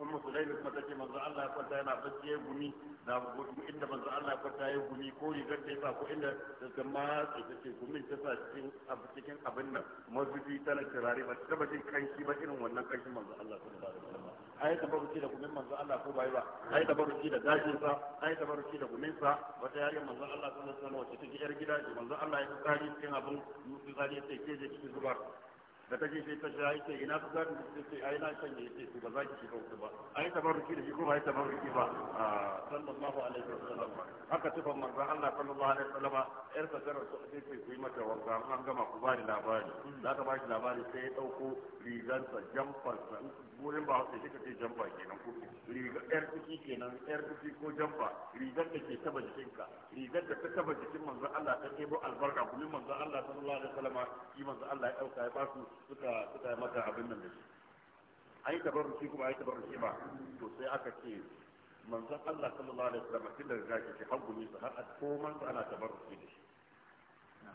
ummu sulaimi kuma tace manzo Allah ya kwanta yana bacci ya gumi da inda manzo Allah ya kwanta ya gumi ko rigar da yasa ko inda da matsi tace gumin ta sa cikin abu cikin abin nan mazubi tana kirare ba ta taba kanshi ba irin wannan kanshi manzo Allah sallallahu alaihi wasallam ayi tabarruki da gumin manzo Allah ko bai ba ayi tabarruki da gashin sa ayi tabarruki da gumin sa wata yariya manzo Allah sallallahu alaihi wasallam wacce take yar gida manzo Allah ya tsari cikin abin mutsari sai ke je cikin zubar da ta je sai ta sha yake ina ku gadi da ce ai na sanya yake ku ba za ki shiga ku ba ai tabarruki da shi ko ba ai tabarruki ba sallallahu alaihi wasallam haka tufan manzon Allah sallallahu alaihi wasallam yar sa zarar su sai ku yi mata wanka an gama ku ba ni labari da hmm. aka ba shi labari sai ya dauko rigar sa jamfar sa wurin ba hausa kika ce jamfa kenan ko riga yar ciki kenan yar ciki ko jamfa rigar da ke taba jikinka rigar da ta taba jikin manzon Allah ta kebo albarka kullum manzon Allah sallallahu alaihi wasallam shi manzon Allah ya dauka ya ba su suka suka mata abin nan da shi ai tabarruki kuma ai tabarruki ba to sai aka ce manzon Allah sallallahu alaihi wasallam tun da gashi shi har gumi har a koman ana tabarruki da shi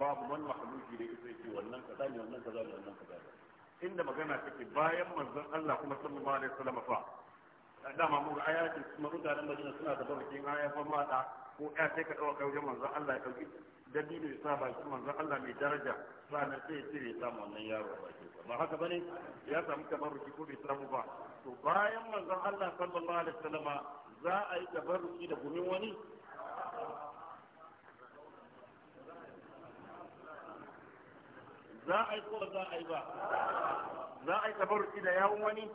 babu wani mahaluki da yake ce wannan kaza ne wannan kaza ne wannan kaza ne inda magana take bayan manzon Allah kuma sallallahu alaihi wasallam fa dama mu ga ayatin kuma mutanen Madina suna da barkin ayatan mata ko ya sai ka dauka wajen manzon Allah ya dauki dabino ya sa shi manzon Allah mai daraja sannan sai ya ya samu wannan yaro baki ba haka bane ya samu tabarruki ko bai samu ba to bayan manzon Allah sallallahu alaihi wasallam za a yi tabarruki da gumin wani za a yi ko za a yi ba za a yi tabaruki da yawun wani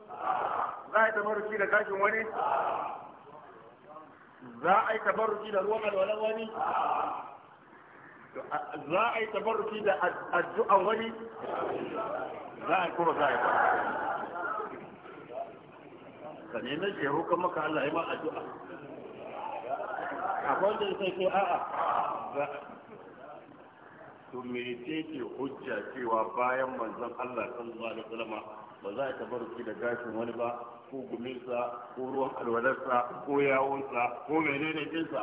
za a yi tabaruki da gashin wani za a yi tabaruki da ruwan alwalan wani za a yi tabaruki da addu'an wani za a yi kuma za a yi ba
ka nemi shi kan maka Allah ya ma addu'a akwai wanda ya sai a'a
to ke hujja cewa bayan manzon Allah sallallahu alaihi wasallam ba za a tabaruki da gashin wani ba ko guminsa ko ruwan alwalarsa ko yawonsa ko menene dinsa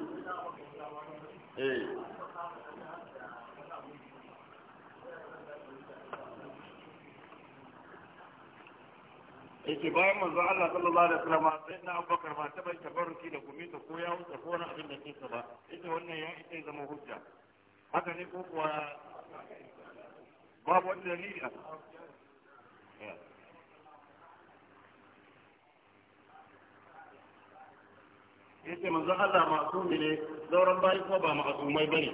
mm yake bayan manzo Allah sallallahu alaihi wasallam sai na Abubakar ba ta bai tabarruki da gumi ta ko ya wuce ko wani abin da ke ba ita wannan ya ita zama hujja haka ne ko kuwa babu wani dalili a yace manzo Allah ma'sumi ne sauran bayi ko ba ma'sumai bane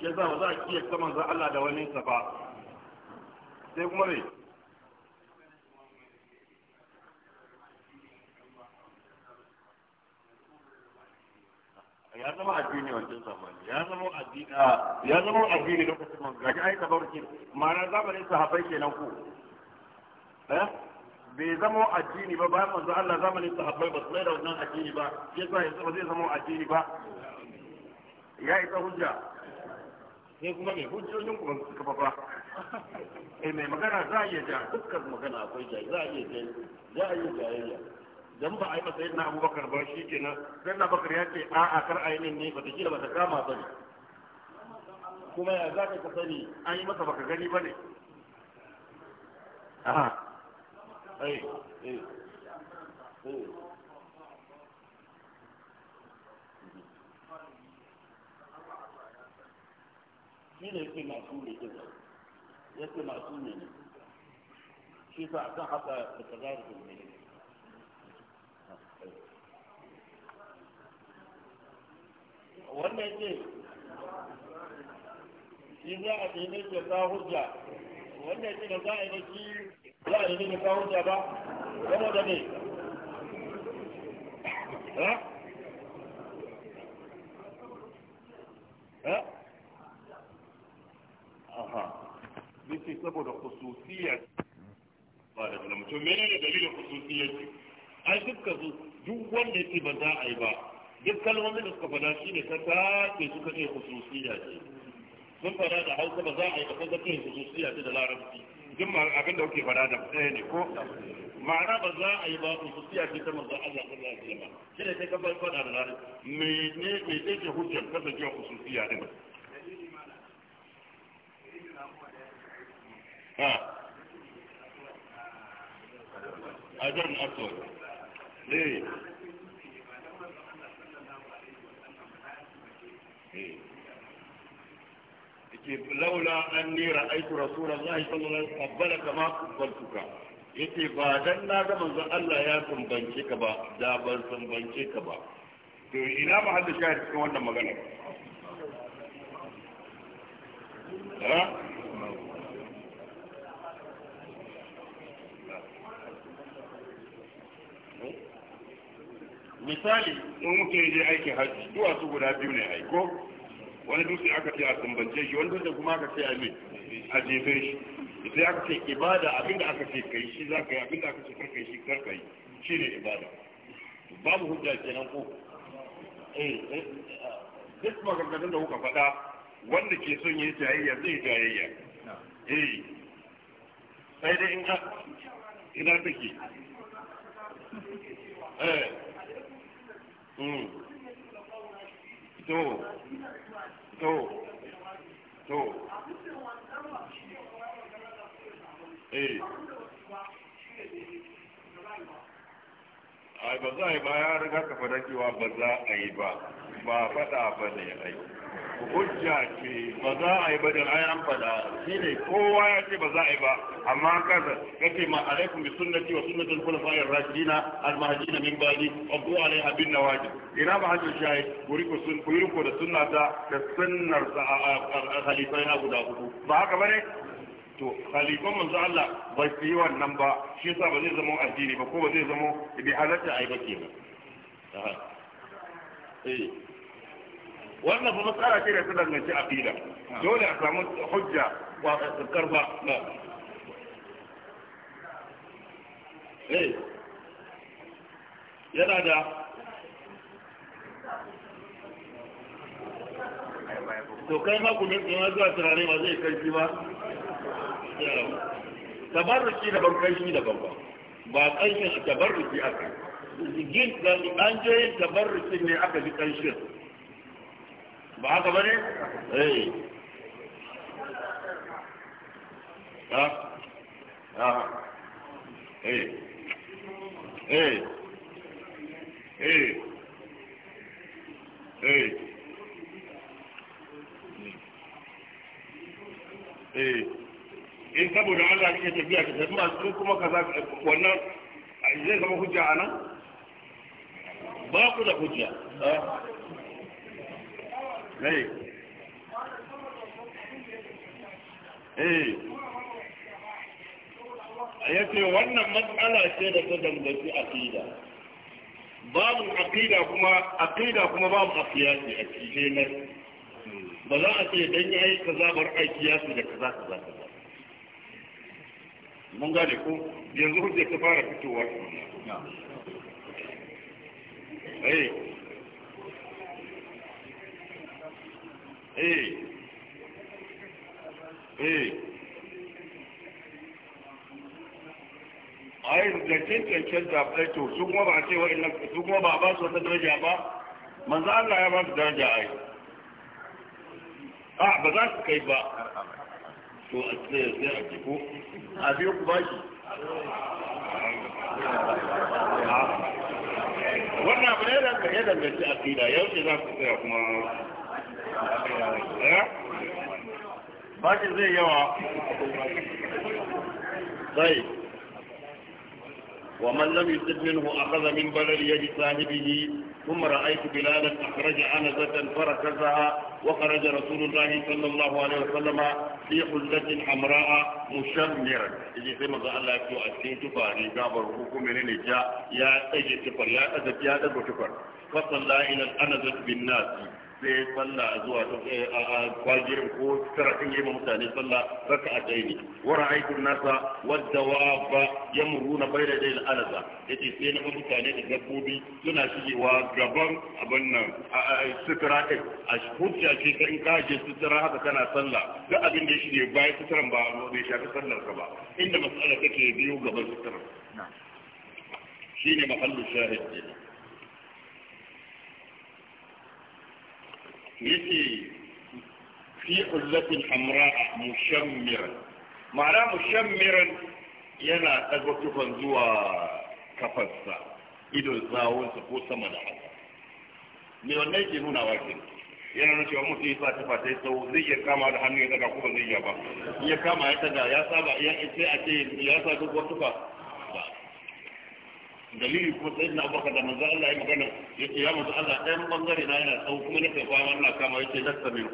shi yasa ba za a kiyasta manzo Allah da wani sa ba sai kuma me ya zama addini wancan zamani ya zama addini ya zama addini lokacin man gaji ai ta barke mara zamanin sahabbai kenan ko eh bai zama addini ba bayan manzo Allah zamanin sahabbai ba su mai da wannan addini ba yasa yanzu ba zai zama addini ba ya isa hujja sai kuma hujjojin kuma suka eh a iya ja dukkan magana akwai ja za a iya ja dan ba a yi masa yadda abubakar ba shi kenan sai na bakar ya ce a a kar a yi min ne bata kila ta kama ba ne kuma ya za ka sani an yi masa baka gani ba ne a ai shi ne yake masu ne yake masu ne ne shi sa kan haka da zara da ne wannan ce shi za a ce ne ke sa hujja wannan ce da za a yi da shi za a yi ne ke sa hujja ba da ne
ha ha
aha bisa saboda khususiyar ba da mutum menene dalilin khususiyar ai duk ka duk wanda yake ba za a yi ba duk kalmomin da suka fada shine ka take suka ce khususiyya ce sun fada da hausa ba za a yi ka ce khususiyya ce da larabci duk abin da kuke fada da ɗaya ne ko ma'ana ba za a yi ba khususiyya ce ta manzo Allah sallallahu alaihi wasallam shine sai ka fada da larabci me ne me take hujjar kasancewa khususiyya din ha ajar na aswad eh yake laula ne ra'aytu rasulullahi sallallahu alaihi wasallam kama ma qabbaltuka yace ba dan na ga manzo Allah ya sumbance ka ba da ban sumbance ka ba to ina hadda shahid cikin wannan magana misali in mutum ya je aikin hajji duwatsu guda biyu ne aiko wani dutse aka ce a sumbance shi wani dutse kuma aka ce a mai a jefe shi sai aka ce ibada abinda aka ce kai shi za ka yi abinda aka ce karka shi karka yi shi ne ibada babu hujja kenan ko eh, eh, eh duk maganganun da kuka faɗa wanda ke son yi jayayya zai jayayya eh sai dai in
ina take eh to to to eh
ai ba za a yi ba ya riga ka fada cewa ba za a yi ba ba faɗa ba ne ai hujja ce ba za a yi badin ai an faɗa shi ne kowa ya ce ba za a yi ba amma kaza kace ma alaikum bi sunnati wa sunnati al-khulafa'i ar-rashidin al mahdiin min ba'di abu alaiha bin nawajib ina ba hadu shayi kuri ko sun kuri ko da sunnata da sunnar khalifai na guda hudu ba haka bane to khalifan manzo Allah ba su yi wannan ba shi yasa ba zai zama addini ba ko ba zai zama bi halatta ai ba kenan eh wannan ba matsala ce da ta danganci aqida dole a samu hujja wa karba ba eh.
yana da to kai ma kuma kuma zuwa
turare ba zai kai shi ba tabarruki da ban kai shi da ban ba ba kai shi tabarruki aka gin da an je yin tabarruki ne aka ji kai shi ba haka ba ne? eh ha ha eh eh eh, eh. eh. tafiya ka tafi masu kuma ka za wannan zai zama hujja a nan ba ku da hujja
rai eh ya ce wannan matsala ce
da ta dangaci aqida babu aqida kuma aqida kuma babu aqiyasi a cikin nan ba za a ce dan yayi kaza bar aqiyasi da kaza kaza kaza mun gane ko yanzu hujja ta fara fitowa eh
eh eh ai zancen cancan zaɓe to
su kuma ba a ce wa'in su kuma ba a ba su wata daraja ba manzo Allah ya ba su daraja ai a ba za su kai ba to a tsaye sai a jiko a biyu ku ba shi
wannan abu ne da ya danganci a tsira yau ce za ku tsaya kuma
baki ومن لم يصب منه أخذ من بلل يد صاحبه ثم رأيت بلالا أخرج أنزة فركزها وخرج رسول الله صلى الله عليه وسلم في حلة حمراء مشمرا اللي زي ما قال الله يكتو أسين تفا رجاب الحكم من نجاء يا أجي تفر يا أدب يا أدب تفر فصلى إلى الأنزة بالناس sai sallah zuwa eh, a kwajirin ko karatun yi mutane sallah raka a daini wa ra'aytun nasa wadda wa ba yamruna bayna dayil alaza yace sai na mutane da dabbobi suna shigewa gaban abin nan sutura kai a hujja ce ka in kaje sutura haka kana sallah duk abin da shi ne bayan suturan ba mu bai shafi sallar ka ba inda mas'ala take biyu gaban suturan shine mahallu shahid yake fi hullatin hamra'a mushammiran ma'ana mushammiran yana ɗaga tufan zuwa kafarsa idon zawonsa ko sama da haka me wannan yake nuna wa kenan yana nuna cewa mutum ya sa tufa ta yi tsawo zai iya kama da hannu ya daga kuma zai iya ba Iya ya kama ya daga ya saba ya ce a ce ya sa duk wata tufa dalili kuma sai na baka da manzo Allah ya magana ya manzo Allah ɗayan bangare na yana tsawo kuma nake kwana Allah kama yake lasta min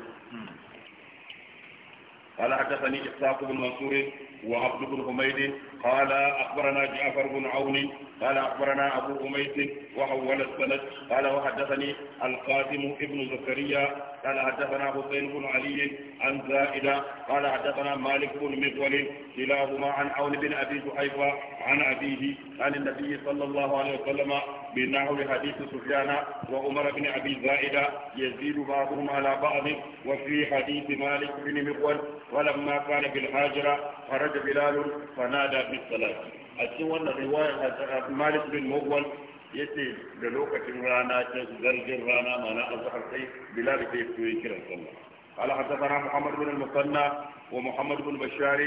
قال حدثني إسحاق بن منصور وعبد بن حميد قال أخبرنا جعفر بن عون قال أخبرنا أبو أميس وحول السند قال وحدثني القاسم ابن زكريا قال حدثنا حسين بن علي عن زائدة قال حدثنا مالك بن مغول كلاهما عن عون بن أبي زحيفة عن أبيه عن النبي صلى الله عليه وسلم بنحو حديث سفيان وعمر بن أبي زائدة يزيد بعضهم على بعض وفي حديث مالك بن مغول ولما كان بالهاجرة خرج بلال فنادى fi salat a cikin wannan riwayar hadith malik bin mughal yace da lokacin rana ta zargin rana mana azhar sai bilal sai ya yi kiran sallah ala hadathana muhammad bin al-musanna wa muhammad bin bashar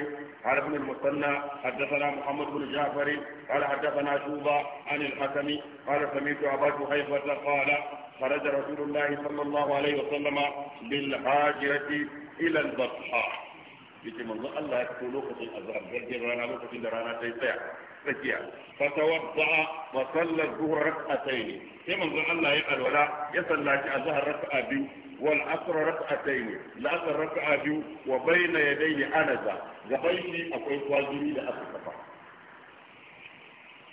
yace manzo Allah ya fito lokacin azhar garjin rana lokacin da rana ta tsaya tsakiya fa tawadda wa salla dhuhr rak'atayn sai manzo Allah ya alwala ya sallaci azhar rak'a biyu wal asr rak'atayn la asr rak'a biyu wa bayna yadayhi anaza gaban shi akwai kwazuri da aka kafa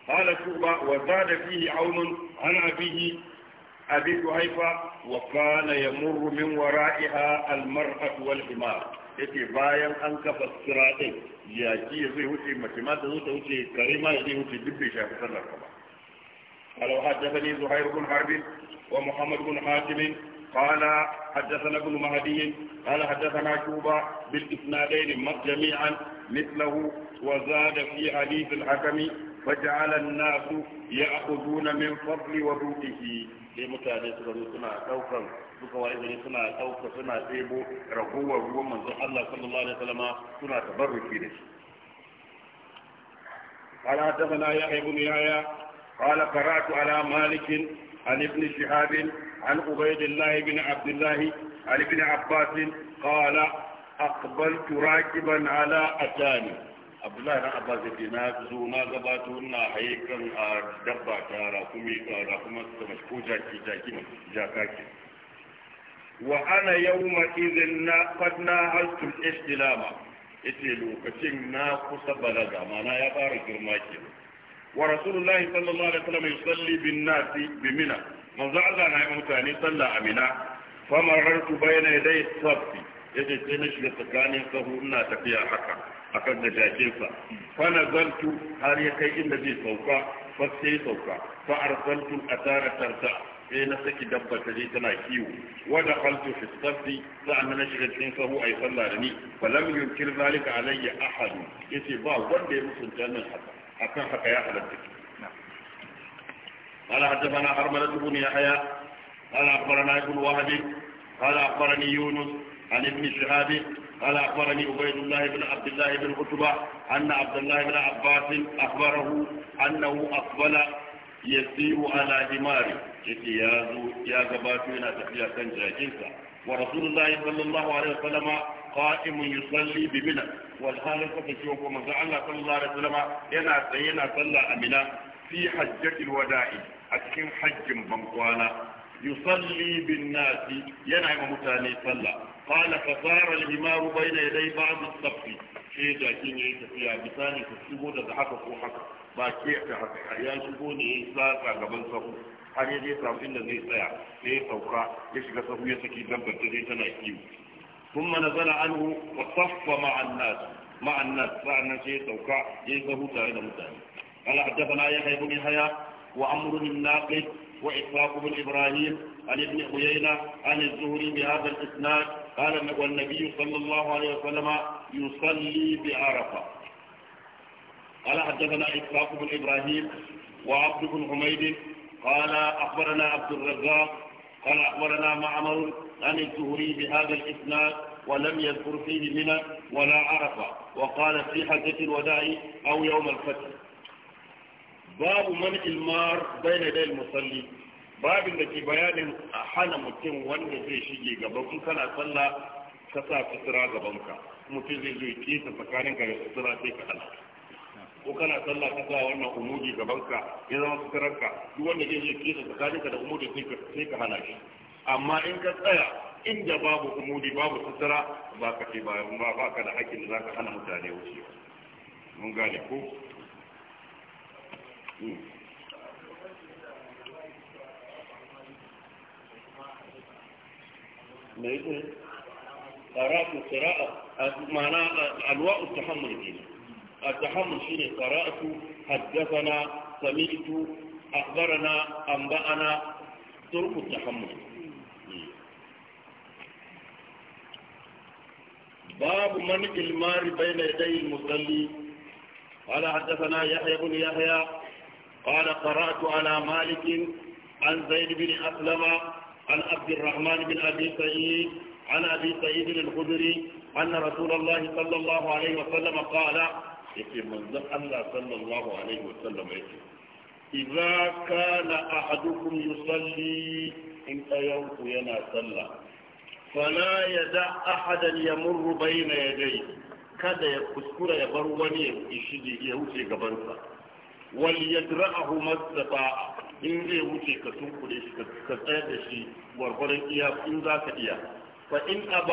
قال شعبة وزاد bihi, عون عن wa أبي حيفا وكان يمر من ورائها المرأة والحمار yake bayan an kafa sira din yaki ya zai wuce mace ma ta zo ta wuce kare ma ya zai wuce duk bai shafi sallar ba قال وحدثني زهير بن حرب ومحمد بن حاتم قال حدثنا ابن مهدي قال حدثنا شوبة بالإسنادين جميعا مثله وزاد في حديث الحكم فجعل الناس يأخذون من فضل وروئه لمتابعة سنة أو خمس suka waye gari suna ɗauka suna ɗebo ragowar ruwan manzon Allah sallallahu alaihi wasallam suna tabarruki da shi قال حدثنا يحيى بن يحيى قال قرأت على مالك عن ابن شهاب عن عبيد الله بن عبد الله عن ابن عباس قال أقبلت راكبا على أتاني abdullahi na abbas yake na zo na gabato na haye kan a dabba ta rakumi rakuma ta mashi ko jaki jaki jaka ke wa ana yawma idhin na qad nahastum ihtilama ita lokacin na kusa balaga mana ya fara girma ke wa rasulullahi sallallahu alaihi wasallam yusalli bin nasi bi mina manzo Allah na yi mutane sallah amina famarartu bayna yaday safi yace sai na shiga tsakanin sahu ina tafiya haka akan da jakinsa fa nazaltu har ya kai inda zai sauka fa sai sauka fa arsaltu atara tarta sai na saki dabba ta je tana kiwo wa da qaltu fi safi sa'an na shiga cikin sahu ai sallah da ni fa lam yunkir zalika alayya ahad yace ba wanda ya musunta nan haka akan haka ya halatta قال حدثنا حرملة بن يحيى قال أخبرنا ابن وهب قال أخبرني يونس عن ابن شهاب قال أخبرني عبيد الله بن عبد الله بن عتبة أن عبد الله بن عباس أخبره أنه أقبل yasiru ala himari yace ya zo ya gabato yana tafiya kan jakinsa wa rasulullahi sallallahu alaihi wasallam qa'imun yusalli bi mina wal halaka ta ciwo ko manzo Allah sallallahu alaihi wasallam yana tsaye yana sallah a mina fi hajjatil wada'i a cikin hajjin bankwana yusalli bin nasi yana yi mutane sallah qala fa sara al himaru bayna yaday ba'd as-saff shi jakin yayi tafiya bisani ta shigo daga haka ko haka ba ke ta haka ya shigo ne ya isa a gaban sahu har ya je samu inda zai tsaya sai ya sauka ya shiga sahu ya saki dabbar ta tana kiwo kun mana zana an hu wa saffa ma'an nasu ma'an nasu sa'an nan sai sauka ya yi sahu tare da mutane ala hajjaba na ya haifu ne haya wa amurin naɗe wa isaku bin ibrahim an ibn huyaina an zuhri bi hadha al isnad qala an nabiy sallallahu alaihi wa sallama yusalli bi arafah قال حدثنا إسحاق بن إبراهيم وعبد بن حميد قال أخبرنا عبد الرزاق قال أخبرنا معمر عن الزهري بهذا الإسناد ولم يذكر فيه منى ولا عرفة وقال في حجة الوداع أو يوم الفتح باب منع المار بين يدي المصلي babin da ke bayanin a hana mutum wanda zai shige gaban in kana sallah ka sa sutura gabanka mutum zai zo ya kesa tsakaninka da sutura sai ka hana ko kana sallah ka sa wannan umudi gaban ka ya zama suturarka duk wanda zai je kisa tsakaninka da umudi sai ka hana shi amma in ka tsaya inda babu umudi babu sutura ba ka ce ba ba ka da hakkin da zaka hana mutane wuce mun gane ko
hmm. me yake tsara ku tsara
ma'ana alwa'u tahammul kenan التحمل شيء قرأت حدثنا سمعت أخبرنا أنبأنا طرق التحمل باب منع المار بين يدي المصلي قال حدثنا يحيى بن يحيى قال قرأت على مالك عن زيد بن أسلم عن عبد الرحمن بن أبي سعيد عن أبي سعيد الخدري أن رسول الله صلى الله عليه وسلم قال yake manzon Allah sallallahu alaihi wa sallam yake idza kana ahadukum yusalli in ayyuhu yana sallah fala yada ahadan yamur bayna yadayhi kada ya kuskura ya bar wani ya ishi ya wuce sa wal yadra'ahu masafa in zai wuce ka tunkure shi ka tsayar da shi gwargwaron iya in za ka iya fa in aba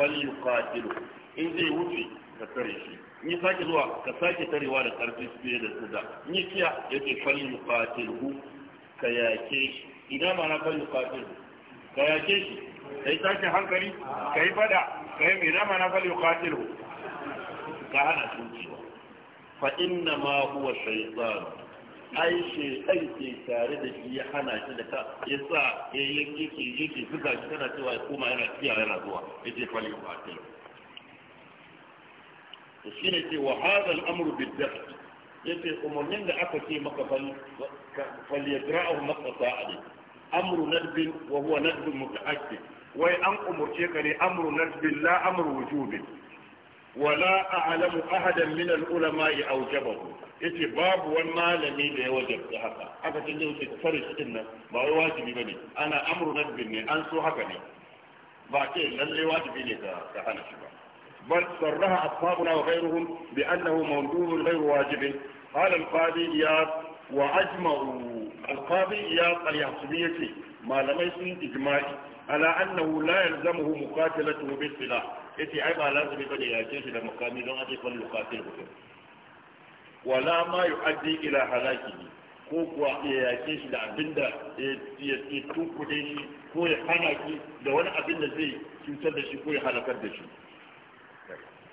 falyuqatilu in zai wuce ka tsare shi in ya sake zuwa ka sake tarewa da karfi fiye da tsada in ya kiya ya ce fal hu ka yake shi idan ma na fal yuqatilhu ka yake shi kai sake hankali kai fada kai idan ma na fal hu ka hana tunciwa fa inna ma huwa shaytan ai shi ai ke tare da shi ya hana shi da ka yasa yayin yake yake suka shi kana cewa kuma yana kiyaye yana zuwa yace fal hu to ne ce wa hadha al-amru bid-daft yace umarnin da aka ce maka fal yadra'u maqta'a ne amru nadbin wa huwa nadbun muta'akkid wai an umarce ka ne amru nadbin la amru wujubin wala a a'lamu ahadan min al-ulama'i awjabahu yace babu wani malami da ya wajabta haka aka ce da wuce farish din nan ba wai wajibi ne. ana amru nadbin ne an so haka ne ba ce lalle wajibi ne ka hana shi ba بل صرح أصحابنا وغيرهم بأنه موضوع غير واجب قال القاضي إياد وأجمعوا القاضي إياد اليحسبية ما لم يسن إجماعي على أنه لا يلزمه مقاتلته بالسلاح إتي عيب لازم يبدأ يأتيه لمقامي لن أجي فليقاتله ولا ما يؤدي إلى هلاكه ko kuwa ya yake shi da abin da ya tunkuɗe shi ko ya hana shi da wani abin da zai cutar da shi ko ya halakar da shi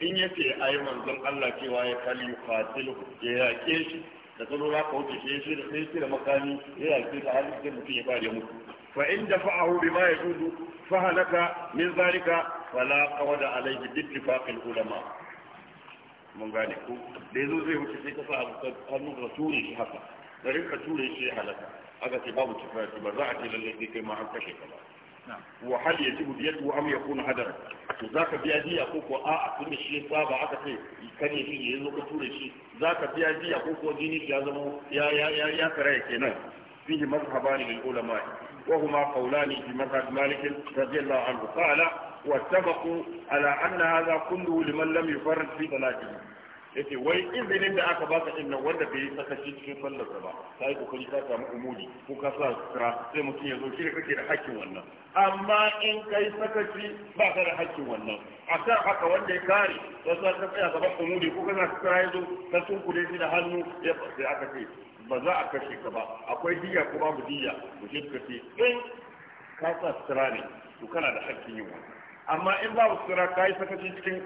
in ya ce ai manzon Allah cewa ya kalli fatilu ya yake shi da tsaro za ka wuce shi da sai shi da makami ya yake da halin da mutum ya fara mutu fa in dafa'ahu bima yajudu fa halaka min zalika fala qawada alayhi bi ittifaqil ulama mun gane ko da yazo zai wuce sai ka sa abu hannu ka ture shi haka da ka ture shi halaka aka ce babu tufafi ba za a ce lalle kai ma an kashe ka ba wa ya ci diyatu am yakunu hadara to zaka biya diya ko a'a tun da shi saba aka ce kare shi ya zo ka ture shi zaka biya diya ko ko jini ya zama ya ya ya ya kare kenan fihi mazhabani lil ulama وهما قولان في مذهب مالك رضي الله عنه قال واتفقوا على أن هذا كله لمن لم يفرد في صلاته yace wai izinin da aka baka din nan wanda bai sakaci cikin sallar ba sai ku kuri ka samu umudi ko ka sa sutura sai mutum ya zo shi kake da hakkin wannan amma in kai sakaci ba ka da hakkin wannan akan haka wanda ya kare sai ka tsaya gaban umudi ko ka sa sutura ya zo ka tunkule shi da hannu ya sai aka ce ba za a kashe ka ba akwai diya ko babu diya to shi ka ce in ka sa sutura ne to kana da hakkin yin wannan amma in babu sutura ka yi sakaci cikin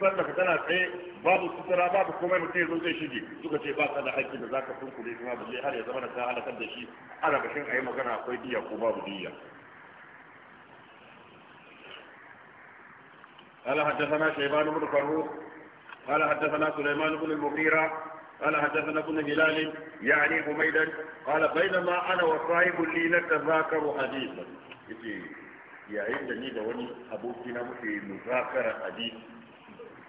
sallar ka tana tsaye babu sutura babu komai mutum yazo zai shige suka ce ba ka da haƙƙi da zaka tunkure kuma balle har ya zama da ka halakar da shi ana bashin ayi magana akwai diya ko babu diya قال حدثنا شيبان بن فروخ قال حدثنا سليمان بن المغيرة قال حدثنا ابن هلال يعني حميدا قال بينما انا وصاحب لي نتذاكر حديثا yayin da ni da wani abokina muke muzakara hadisi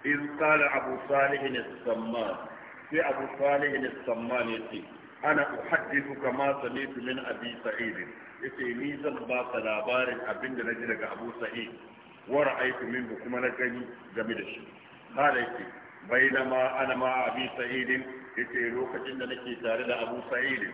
In qala abu salih as-samman sai abu salih as-samman yace ana uhaddithuka ma sami'tu min abi sa'id yace ni zan ba ka labarin abinda naji daga abu sa'id wa ra'aytu minhu kuma na gani game da shi qala yace bainama ana ma abi sa'id yace lokacin da nake tare da abu sa'id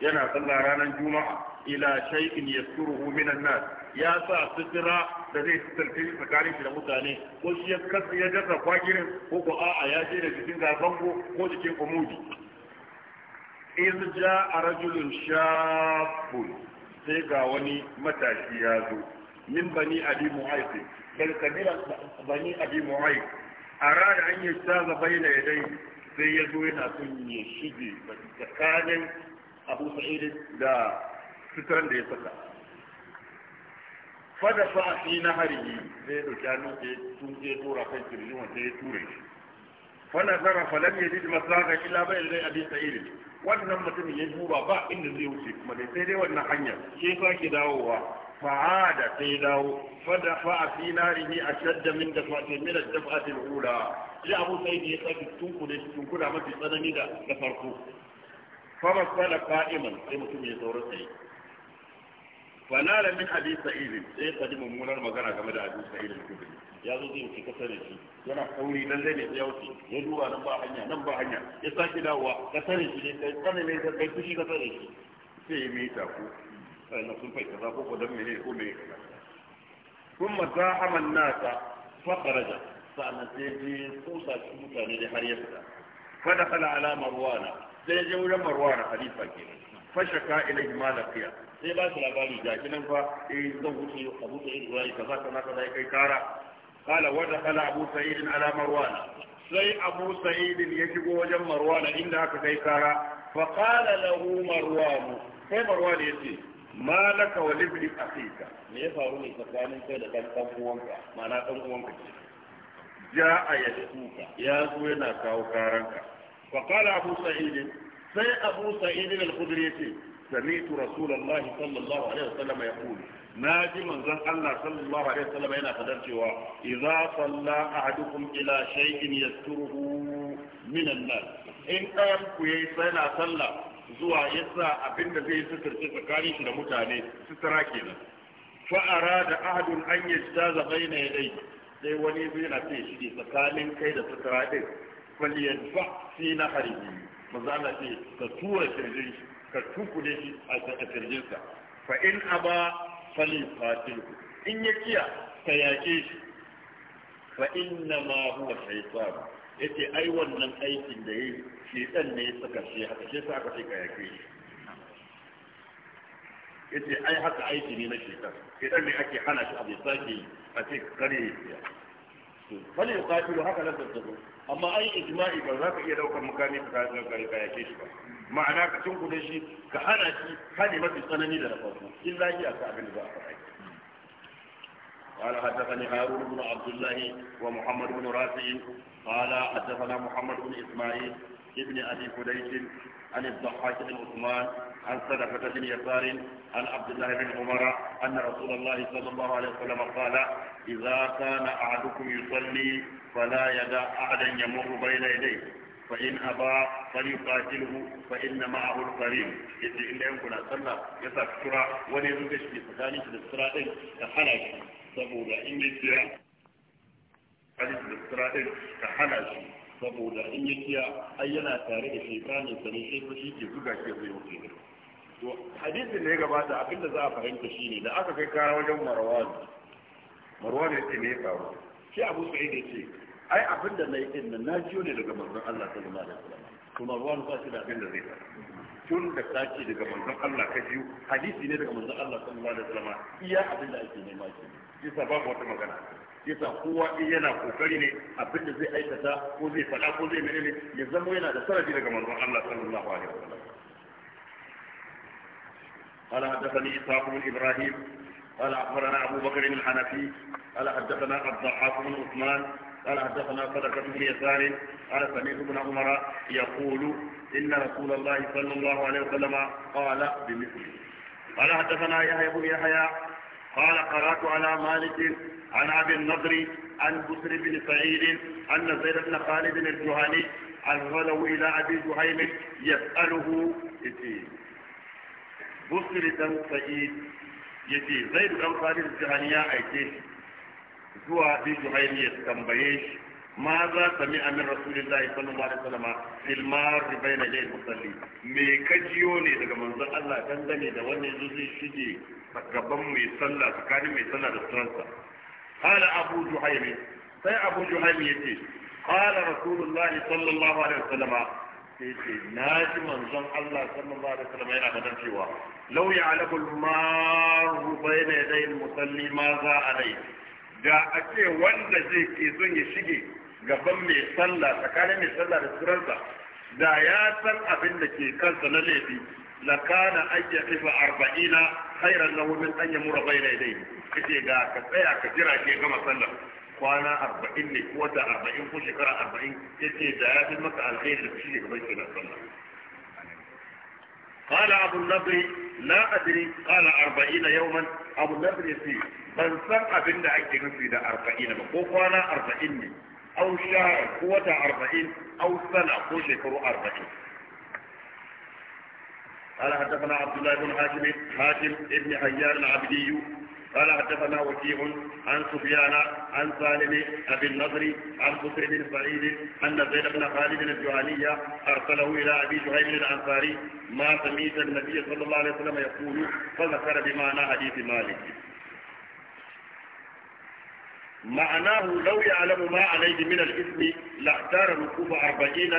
yana sallah ranar juma'a ila shay'in yasturuhu minan nas ya sa sutura da zai tsarki tsakanin shi da mutane ko shi ya kasa ya dasa kwakirin ko ko a'a ya je da jikin gabango ko jikin umudi iz a rajulun shabun sai ga wani matashi ya zo min bani abi mu'ayth bal kabila bani abi a arada an yi yastaza bayna yadayhi sai ya zo yana son ya shige tsakanin abu sa'id da suturan da ya saka fada fa fi na harihi sai dauki hannun ke sun je tura kan kirji wanda ya ture shi fana zara falan ya ji masaka illa bai dai abin sa'iri wannan mutum ya duba ba inda zai wuce kuma dai sai dai wannan hanyar sai ke dawowa fa'ada sai dawo fada fa fi a shadda min dafati min dafati al-ula ya abu sai ya sake tunkule tunkula mafi tsanani da farko fa sala qa'iman sai mutum ya saurasa fanala min abi sa'id sai ka ji mummunar magana game da abi sa'id al ya zo zai wuce kasar da shi yana kauri dan zai ne ya wuce ya duba nan ba hanya nan ba hanya ya saki dawowa kasar da shi ne kai kana mai da kai fushi kasar da shi sai ya mita ku sai na sun faita za ko ko dan mene ko mene kuma zahama nasa fa kharaja sa'an sai ya kusa shi mutane da har ya fita fa dakhala ala marwana sai ya je wurin marwana halifa kenan fa shaka ilayhi ma laqiya sai ba shi labari ga kinan nan fa eh zan wuce abu sa'id ruwai kaza kaza kaza ya kai kara kala wanda kala abu sa'id ala marwana sai abu sa'id ya shigo wajen marwana inda aka kai kara fa kala lahu marwanu sai marwana ya ma laka wa libni akika me ya faru ne tsakanin kai da kan kan uwanka ma'ana kan uwanka ja ja'a yashkuka ya zo yana kawo karanka fa kala abu sa'id sai abu sa'id al-khudri سمعت رسول الله صلى الله عليه وسلم يقول ناجي من زن الله صلى الله عليه وسلم هنا قدرت إذا صلى أحدكم إلى شيء يستره من الناس إن قام كوي سنة صلى زوا يسا أبن زي ستر تسكاني شنا متاني سترا كينا فأراد أحد أن يجتاز بين يديه sai wani zai na ce shi tsakanin kai da sutura din faliyar fa fi na harihi maza na ce ka tura shirjin shi ka tukude shi a kirjinsa fa in aba fali fatil in ya kiya ka yaƙe shi fa inna ma huwa shaytan yace ai wannan aikin da yayi shedan ne saka shi haka shi sa aka ce ka yaƙe shi yace ai haka aiki ne na shedan shedan ne ake hana shi a bai sake a ce kare ya to fali qatilu haka lafiya amma ai ijma'i ba za ka iya daukar mukami ka kare kare ka ke shi ba ma'ana ka tunkuɗe shi ka hana shi hane mafi tsanani da na farko in za iya ka abin da za a faɗa قال حدثني هارون بن عبد الله ومحمد بن رافع قال حدثنا محمد بن اسماعيل ابن ابي فديش عن الضحاك بن عثمان عن صدقة بن يسار عن عبد الله بن عمر أن رسول الله صلى الله عليه وسلم قال إذا كان أحدكم يصلي فلا يدع أحدا يمر بين يديه فإن أبى فليقاتله فإن معه القريب إذا إلا يمكن أن صلى يسعى السرعة وليزوجش في سكانه في السرعة تحلق saboda in ya kiya hadis da isra'il ka hana shi saboda in ya kiya ai yana tare da shekani sanin shi ko shi ke buga shi zai wuce to hadisin da ya gabata abinda za a fahimta shine da aka kai kara wajen marwan marwan ya ce ne ya faru shi abu sa'id ya ce ai abinda na yi din na jiyo ne daga manzon Allah sallallahu alaihi wasallam to marwan ba shi da abinda zai faru tun da ta ce daga manzon Allah ka jiyo hadisi ne daga manzon Allah sallallahu alaihi wasallam iya abinda ake nema shi shi sa babu wata magana yasa kowa in yana kokari ne abinda zai aikata ko zai faɗa ko zai menene ya zama yana da sarari daga manzon Allah sallallahu alaihi wasallam قال حدثني إسحاق بن إبراهيم قال أخبرنا أبو بكر الحنفي قال حدثنا الضحاك بن عثمان قال حدثنا صدقة بن يسار قال سمعت بن عمر يقول إن رسول الله صلى الله عليه وسلم قال بمثله قال حدثنا يحيى بن يحيى قال قرأت على مالك عن أبي النضر عن بسر بن سعيد أن زيد بن خالد الجهني أرسله إلى أبي جهيم يسأله إتيه busiri dan sa'id ya ce zai dan faris jihani ya aike shi zuwa bi juhaili ya tambaye shi ma za ta mi amin rasulillahi sallallahu alaihi wasallam fil mar bayna yadayil musalli me jiyo ne daga manzon Allah dangane da wannan yanzu zai shige gaban mai sallah tsakanin mai sallah da sunansa qala abu juhaili sai abu juhaili yace qala rasulullahi sallallahu alaihi wasallam sai ce na ji manzon Allah sallallahu alaihi wasallam yana fadan cewa law ya'lamul maru bayna yadayil musalli ma za alai da a ce wanda zai ke son ya shige gaban mai sallah tsakanin mai sallah da surarsa da ya san abin da ke kansa na laifi lakana ayya kifa arba'ina khairan lahu min an yamura bayna yadayhi kace ga ka tsaya ka jira ke gama sallah كوانا أربعين ne أربعين wata arba'in ko shekara arba'in ya ce الخير ya fi maka alkhairi قال أبو النضر لا أدري قال أربعين يوما أبو النضر يسير بل سمع بند عجل نفيد أربعين بقوانا أربعين أو شهر كوتا أربعين أو سنة كو شكرا أربعين قال حدثنا عبد الله بن هاشم هاشم ابن حيان العبدي قال حدثنا وكيع عن سفيان عن سالم ابي النضر عن بكر بن سعيد ان زيد بن خالد الجهني ارسله الى ابي جهيم الانصاري ما سميت النبي صلى الله عليه وسلم يقول فذكر بمعنى حديث مالك معناه لو يعلم ما عليه من الاثم لاختار الوقوف أربعين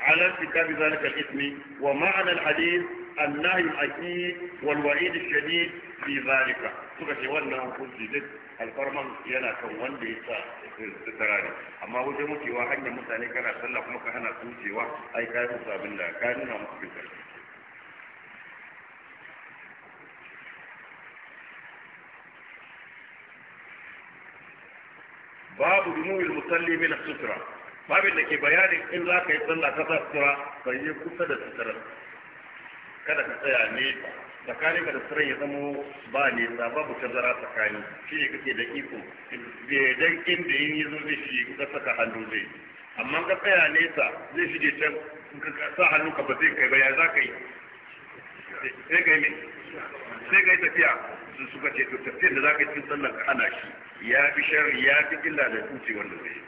على ارتكاب ذلك الاثم ومعنى الحديث النهي الاكيد والوعيد الشديد fi zalika suka ce wannan hukunci duk alfarman yana kan wanda ya sa sutura ne amma wajen mutuwa hanyar mutane kana sallah kuma ka hana su wucewa ai ka yi abin da ka nuna musu bin babu dunuyul musalli min sutura babin da ke bayanin in za ka yi sallah ta sutura ka yi kusa da sutura kada ka tsaya nesa tsakanin ka da ya zamo ba ne za babu tazara tsakani shi ne kake da iko dan da yin yazo zai shi ka saka hannu zai amma ka tsaya nesa zai shige can ka sa hannu ka ba zai kai ba ya za ka yi sai kai me
sai kai tafiya
su suka ce to tafiyar da za ka yi cikin sallar ka ana shi ya fi sharri ya fi illa da tuce wanda zai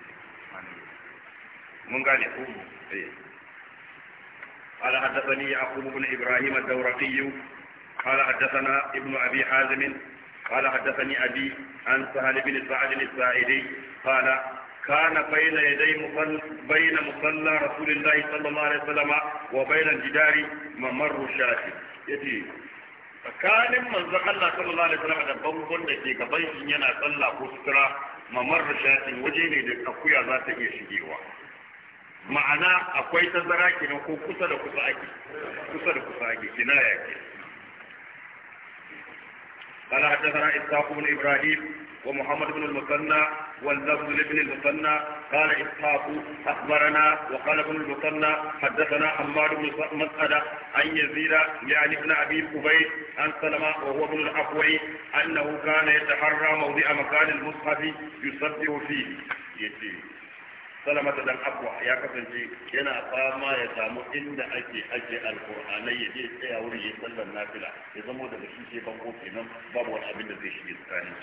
mun gane ko قال حدثني يعقوب بن ابراهيم الدورقي قال حدثنا ابن أبي حازم قال حدثني أبي عن سهل بن سعد الساعدي قال كان بين يدي مصل بين مصلى رسول الله صلى الله عليه وسلم وبين الجدار ممر شاة يتي tsakanin manzon Allah sallallahu alaihi wasallam da bangon da ke gaban shi yana tsalla ko sutura mamar rashatin waje ne da akuya za ta iya shigewa ma'ana akwai tazara kenan ko kusa da kusa ake kusa da kusa قال حدثنا إسحاق بن إبراهيم ومحمد بن المثنى واللفظ لابن المثنى قال إسحاق أخبرنا وقال ابن المثنى حدثنا حماد بن مسعدة عن يزيد يعني ابن أبي قبيل عن سلمة وهو ابن الأقوي أنه كان يتحرى موضع مكان المصحف يصدق فيه يتيه. Salama dan akwa ya kasance yana fama ya samu inda ake ajiye alkur'anai ya je tsaya wurin ya sallar nafila ya zamo daga shi ce bango kenan babu wani abin da zai shige tsakanin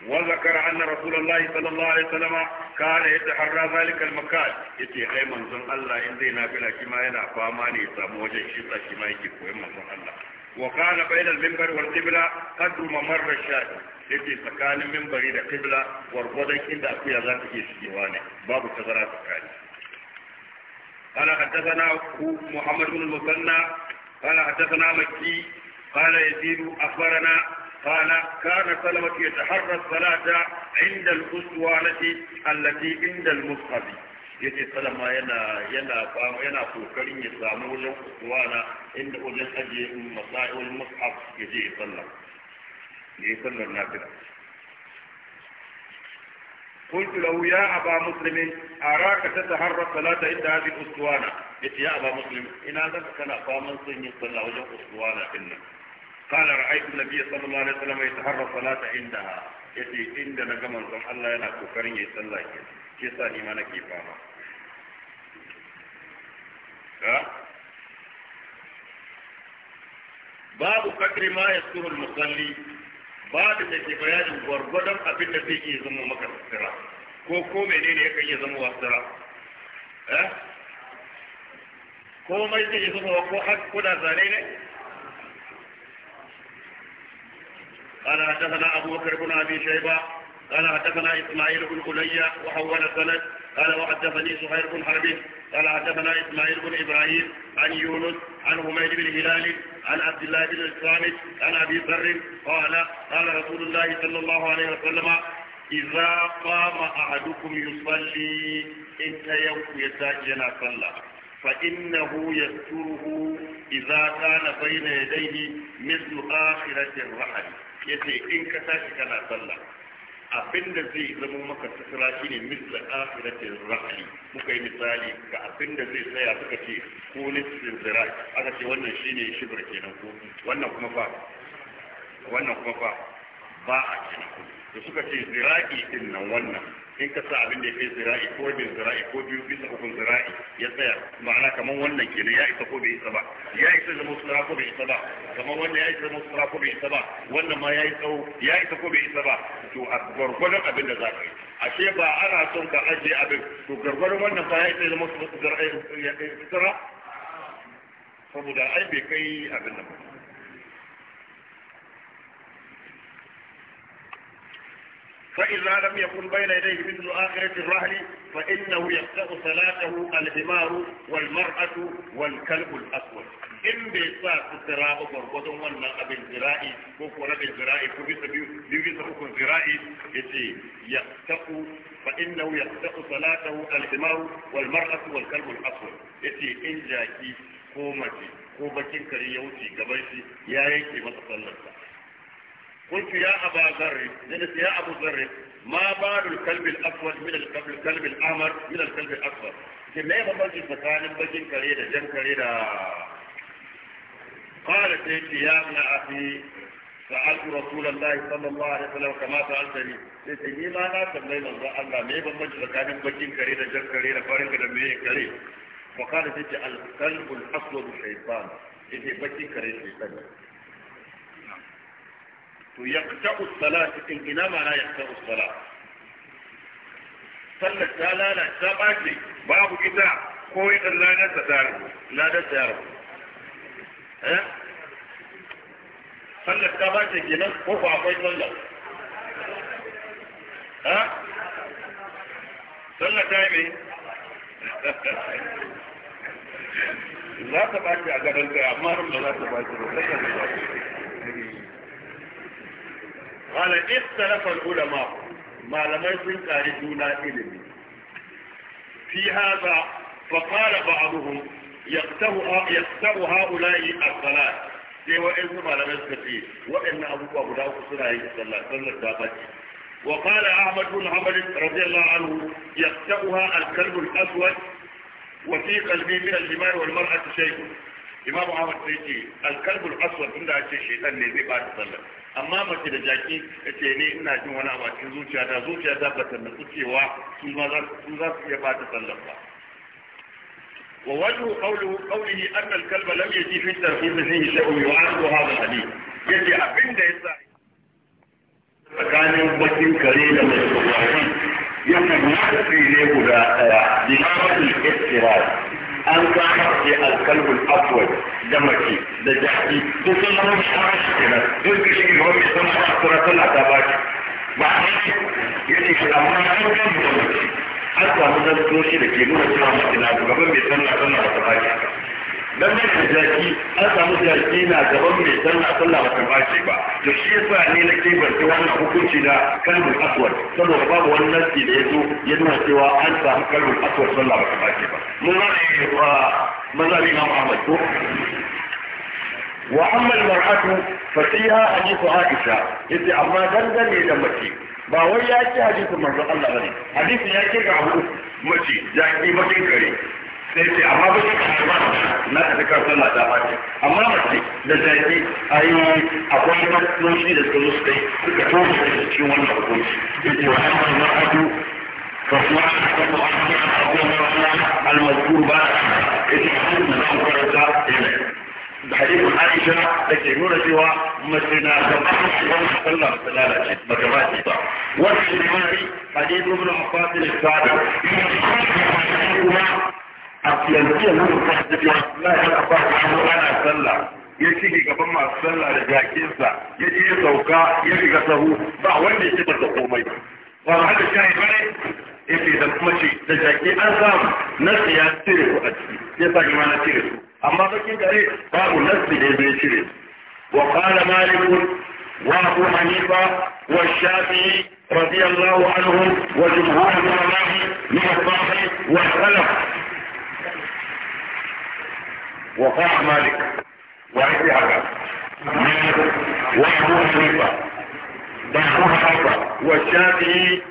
وذكر
أن رسول الله صلى الله عليه وسلم كان يتحرى ذلك المكان يتي أي منزل الله إن ذي نافلة كما ينا فاما نيسا موجه شطة كما يجي كوي منزل الله وقال بين المنبر والقبلة قدر ممر الشاة yake tsakanin المنبر إلى قبلة wargwadon inda akuya ذات ta باب shigewa ne قال حدثنا محمد بن المثنى قال حدثنا مكي قال يزيد اخبرنا قال كان سلمة يتحرى الصلاة عند الأسوانة التي عند المصحف salama yana kokarin ya samu wajen inda wajen ajiye ya sallar قلت له يا أبا مسلم أراك تتحرك صلاة عند هذه الأسطوانة قلت يا أبا مسلم إن هذا كان قام صني صلى وجه أسطوانة إن قال رأيت النبي صلى الله عليه وسلم يتحرك صلاة عندها قلت عندنا كما الله ينعكو كرين يصلى كيسا لما نكي فاما babu kadri ma ya suhul musalli babu da ke bayanin gwargwadon abin zai iya zama maka sutura ko ko menene ya kan iya zama wasura eh? komai zai iya zama ko har kuna zane ne
قال حدثنا أبو بكر بن أبي
شيبة قال حدثنا إسماعيل بن علي وحول سند قال وحدثني سهير بن حرب قال حدثنا إسماعيل بن إبراهيم عن يونس عن حميد بن هلال عن عبد الله بن الصامت عن أبي ذر قال قال رسول الله صلى الله عليه وسلم إذا قام أحدكم يصلي انت يوم يساجنا صلى فإنه يستره إذا كان بين يديه مثل آخرة الرحل يسي إن كتاشك كان صلى abinda zai zama maka sutura shi ne misla akhiratin ra'ali muka yi misali ga abinda zai tsaya suka ce ko nisfin zira aka ce wannan shi ne shibir kenan ko wannan kuma fa wannan kuma fa ba a kenan ko da suka ce zira'i din nan wannan in ka sa abin da ya kai zira'i ko bin zira'i ko biyu bisa ukun zira'i ya tsaya ma'ana kamar wannan kenan ya isa ko bai isa ba ya isa zama sutura ko bai isa ba kamar wannan ya isa zama sutura ko bai isa ba wannan ma ya yi tsawo ya isa ko bai isa ba to a gwargwadon abin da za ka yi ashe ba ana son ka ajiye abin to gwargwadon wannan ba ya isa zama sutura saboda ai bai kai abin da ba فإلا لم يكن بين يديه مثل آخرة الرهل فإنه يفتأ صلاته الحمار والمرأة والكلب الأسود إن بيساة الزراء بربطن وانا أبن زراء كفورة الزراء كبس بيوز أخو زراء يتي فإنه يفتأ ثلاثه الهمار والمرأة والكلب الأسود يتي إن جاكي كومتي كوبكين كريوتي كبيسي يا ريكي مصطلتها قلت يا أبا ذر قلت يا أبو ذر ما بال الكلب الأسود من الكلب الأحمر من الكلب الأصفر ce me bambanci tsakanin bakin kare da jan kare da qala sai ce ya ibn akhi sa'altu rasulullahi sallallahu alaihi wasallam kama sa'altani sai ce ni ma na tambayi manzo Allah me bambanci tsakanin bakin kare jan kare farin da me kare fa qala sai to yaqta'u usala cikin ina ma la yaqta'u usala sallar ta lalace ta ɓace babu ita ko ɗan ladar ta tare ladar ta yaro eh? sallar ta ɓace kenan ko ba akwai sallar eh sallar ta yi za ta ɓace a gadon ta amma ba za ta bace ba قال اختلف العلماء ما لم يكن قاردونا إلمي في هذا فقال بعضهم يقتر هؤلاء الصلاة سوى إذن ما لم يستطيع وإن أبوك أبو داوك صلى الله صلى وسلم وقال أحمد بن عمر رضي الله عنه يقتأها الكلب الأسود وفي قلبي من الجمال والمرأة شيء إمام أحمد سيدي الكلب الأسود عندها شيء شيطان لذي بعد صلى amma mace da jaki ya ce ne ina jin wani abu a cikin zuciya ta zuciya ta ba ta nufi cewa su ma za su iya ba ta sallar ba wa wajhu qawluhu qawlihi anna kalba lam yaji fi tarhib fihi shay'un ya ce abin da ya abinda yasa
tsakanin bakin kare da mai tsawon yana da ne guda daya
an kama ce alkalbul afwal da mace da jahi duk sun zama mai shara shi kenan duk da shi gaba mai zama a tura sallah ba shi ba a yi shi amma an kama da mace an samu zantoshi da ke nuna cewa mace na gaba mai sallah sallah ta ba dan ne da jaki an samu jaki na gaban mai sallah sallah ba ta bace ba to shi yasa ne na ke barci wannan hukunci da kalmar aswad saboda babu wani nasi da yazo ya nuna cewa an samu kalmar aswad sallah ba ta bace ba mun ma ne uh, mazhabi na Muhammad ko wa amma al-mar'atu fa fiha hadithu Aisha yace amma dangane da mace ba wai ya ce hadisin manzon Allah bane hadisin ya ce ga abu mace ya ki bakin kare sai ce amma ba shi kan na tafi kan sallah ta bace amma mace da zaki ayi akwai matsaloli da suka zo su kai suka tofa da cikin wannan hukunci yace wa amma mar'atu فهو المذكور بعد حديث عائشة لكي نورة سوى مسنا زمان صلى الله عليه وسلم والحديث حديث ابن عباس السادة a fiyanciyar nan ta tafiya na ya kafa hannu ana sallah ya shige gaban masu sallah da jakinsa ya je ya sauka ya shiga sahu ba wanda ya kibar da komai ba ma da shayi bane ya ce da kuma ce da jaki an samu nasi ya cire su a ciki ya sa ma na cire su amma bakin gare babu nasi da ya zai cire su wa qala malikun wa abu hanifa wa shafi'i رضي الله عنهم وجمهور العلماء من الصحابه والخلف وقاع مالك وعبد حجر وابو حنيفه وابو حنيفه والشافعي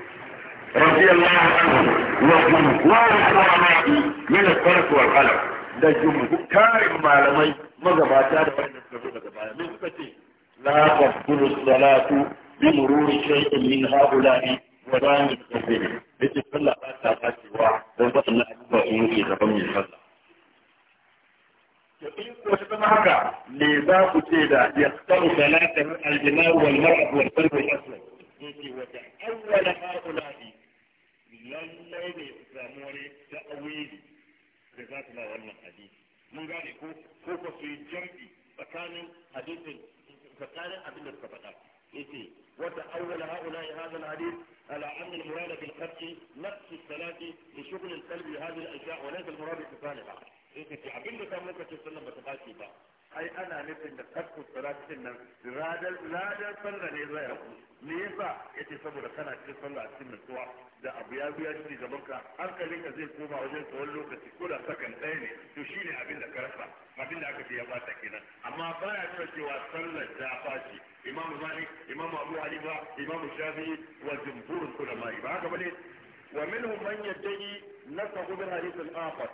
رضي الله عنه وقل وارث رعماتي من الفرس والقلم ده جمه كارم معلمي ماذا بعد هذا فإن لا تبطل الصلاة بمرور شيء من هؤلاء ولا من غيرهم. بيت الله لا تقبل سواه. وبطل الله أكبر أمور إذا لم in ko ta zama haka me za ku ce da ya tsaro salata al-jinar wal mar'at wal qalb wal aswad yake wata awwala ha'ula'i lallai ne samu wani ta'awili da za ta na wannan hadisi mun gane ko ko ko su yi jam'i tsakanin hadisin tsakanin abin da suka faɗa yace wata awwala ha'ula'i hadha al-hadith على أن المراد بالخرج نقص الصلاة لشغل القلب بهذه الأشياء وليس المراد بصالحها sai ka ce abin da ta muka ce sallan ba ta bace ba ai ana nufin da kasku salatin nan ladar radar sallah ne zai haku me yasa yace saboda kana cikin sallah a cikin nutsuwa da abu ya biya shi gaban ka hankalin ka zai koma wajen tsawon lokaci ko da sakan ɗaya ne to shine abin da ka rasa abin da aka ce ya bata kenan amma baya nuna cewa sallar ta bace imamu malik imamu abu hanifa imamu shafi'i wa jumhurul ulama ba haka bane ومنهم من يدعي نفسه بالحديث الاخر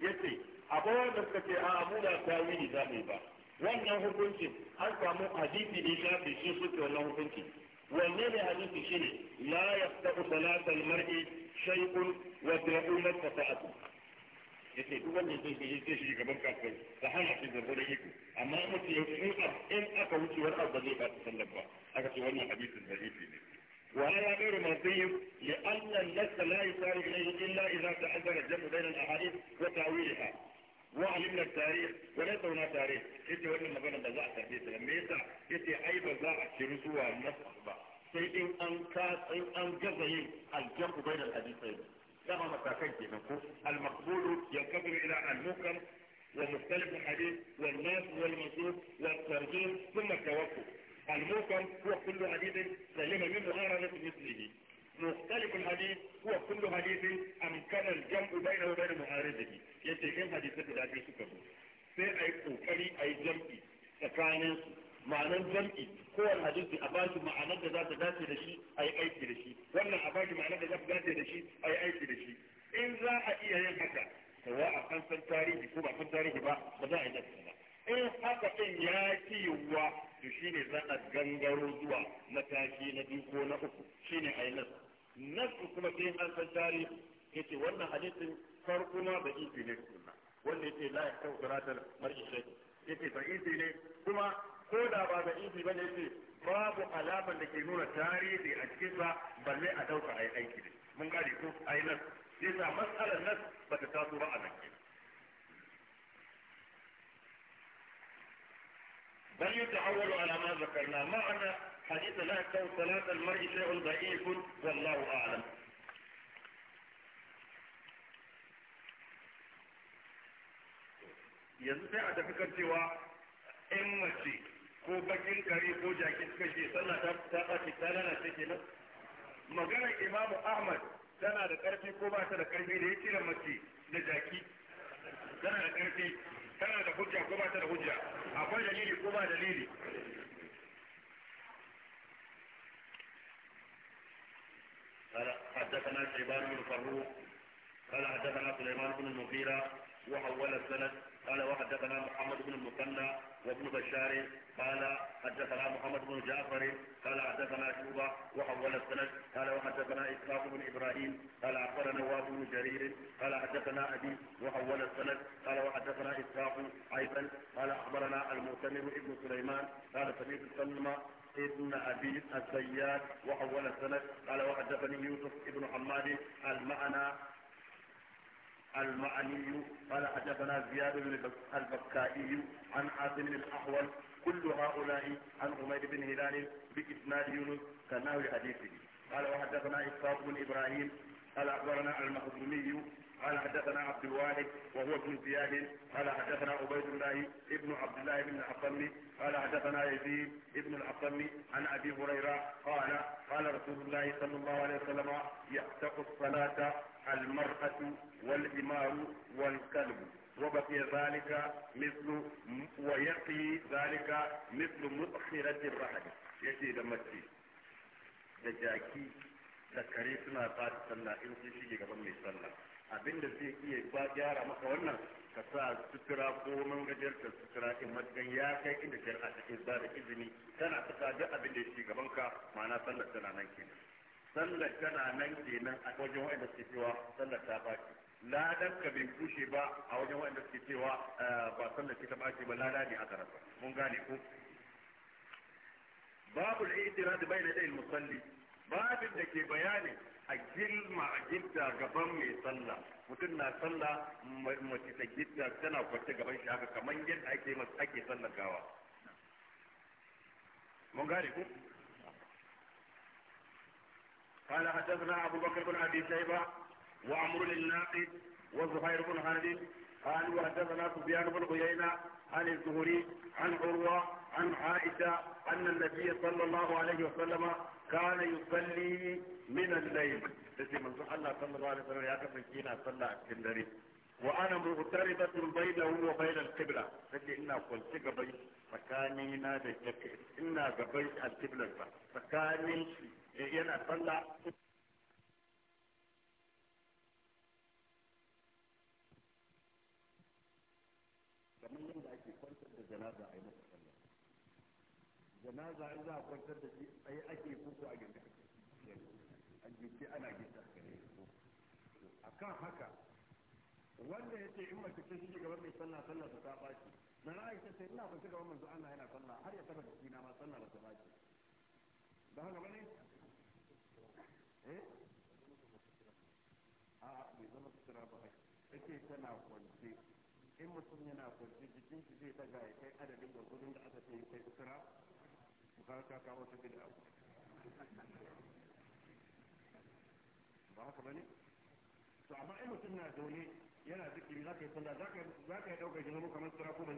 يدعي akwai wanda suka ce a abu da tawili yi mu yi ba wannan hukuncin an samu hadisi da shafi shi suke wannan hukunci wanne ne hadisi shi ne la yaqta'u salatal mar'i shay'un wa ta'u mastata'atu yace duk wanda zai yi zai shi gaban kafin da hana shi da gurin iko amma mutum ya in in aka wuce wani abu zai ba sallar ba aka ce wannan hadisin da yake ne وهذا غير منطقي لأن النص لا يصار إليه إلا إذا تأذر الجمع بين الأحاديث وتأويلها وعلمنا التاريخ وليس هناك تاريخ يتي وانا مغانا بزاع تربية لما يسع يتي اي بزاع شرسوا النص اخبار سيد ان انكاس ان انجزهم الجمع بين الحديثين كما متاكد كنا المقبول ينقسم الى المحكم ومختلف الحديث والناس والمنصوب والترجيم ثم التوقف الموكم هو كل حديث سلم منه غير مثله مختلف الحديث هو كل حديث أمكن الجمع بينه وبين معارضه يتي إن حديثة لا تسكب سي أي قوكري أي جمعي تكاني معنى جمعي هو الحديث أباش معنى ذات ذات لشي أي أي لشي ولا أباش معنى ذات ذات لشي أي أي لشي إن ذا أي أي حكا سواء كان سن تاريخي كما كان تاريخي با بدا أي ذات in haka ɗin ya ci yiwuwa to shine za a gangaro zuwa mataki na biyu ko na uku shine a yi nasa nasu kuma sai an san tarihi yace wannan hadisin farko ma ba ifi ne kuma wanda yace la ya siratal mar'i shaykh yace ba ifi ne kuma ko da ba da ifi bane yace babu alaman da ke nuna tarihi a cikin sa balle a dauka ai aiki ne mun gane ko ai nan yace mas'alar nas ba ta taso ba a nan kenan بل يتحول على ما ذكرنا معنى حديث لا يكون صلاة المرء شيء ضعيف والله أعلم yanzu sai a tafi kan cewa in mace ko bakin kare ko jaki suka ce sallah ta ta ɓace ta lalace kenan maganar imamu ahmad tana da karfi ko ba ta da karfi da ya cire mace da jaki tana da karfi tana da hujja ko ba ta da hujja akwai dalili ko ba dalili قال حدثنا شيبان بن فروخ قال حدثنا سليمان بن المغيرة وحول السند قال وحدثنا محمد بن المثنى وابن بشار قال حدثنا محمد بن جعفر قال حدثنا شوبة وحول السند قال وحدثنا إسحاق بن إبراهيم قال أخبرنا نواب بن جرير قال حدثنا أبي وحول السند قال وحدثنا إسحاق أيضا قال أخبرنا المعتمر ابن سليمان قال سمعت سلمى ابن أبي الزيات وأول السند قال وحدثني يوسف ابن حماد المعنى المعني قال حدثنا زياد بن البكائي عن عاصم الأحول كل هؤلاء عن عمير بن هلال بإسناد يونس كناه حديثه قال وحدثنا إسحاق بن إبراهيم قال أخبرنا المخزومي قال حدثنا عبد الوالد وهو ابن زياد قال حدثنا عبيد الله ابن عبد الله بن الحطمي قال حدثنا يزيد ابن الحطمي عن ابي هريره قال قال رسول الله صلى الله عليه وسلم يعتق الصلاه المراه والامام والكلب وبقي ذلك مثل ويقي ذلك مثل مؤخرة الرحل يأتي لما تجي تجاكي jaki da kare suna ba sallah قبل sun abinda zai iya ba gyara maka wannan ka sa sutura ko mangajar ka sutura in matakan ya kai inda shari'a take ba da izini ta sa duk abin da yake gaban ka ma'ana sallar tana nan kenan sallar tana nan kenan a wajen wa'anda suke cewa sallar ta baki ladan ka bai kushe ba a wajen wa'anda suke cewa eh, ba sallar ta baki ba lada ne aka rasa mun gane ko babu al-i'tirad bayna al-musalli babin da ke bayanin a gilma a gidda gaban mai sallah mutum na sallah mace ta gidda tana kwace gaban shi haka kamar yadda ake masa ake sallah gawa mun gane ku قال حدثنا أبو بكر بن أبي شيبة وعمر الناقد وزهير بن خالد قال وحدثنا سفيان بن عيينة عن الزهري عن عروة عن عائشة أن النبي صلى الله عليه وسلم كان يصلي من الليل تسي من الله صلى الله عليه وسلم يا كفكينا صلى الكندري وأنا مغتربة بينه وبين القبلة تسي إنا قلت قبي فكاني نادي إنا قبي القبلة فكاني ينا صلى janaza in za a kwantar da shi tsaye ake kuku a gindi a gindi ana gindi a kan haka wanda ya ce in mace ce shi gaban mai sallah sallah ta saba shi na ra'ayi ce ina fanta gaban manzo Allah yana sallah har ya saba da shi na ma sallah ba ta ba shi
ba haka bane eh
a bai zama su tura ba ake tana kwance in mutum yana kwance jikin shi zai daga ya kai adadin gwargwadon da aka ce kai sutura ka ka kawo ta bid'a ba haka bane to mutum na yana zikiri za ka yi sallah za ka yi ɗaukar jini kamar sura ko ba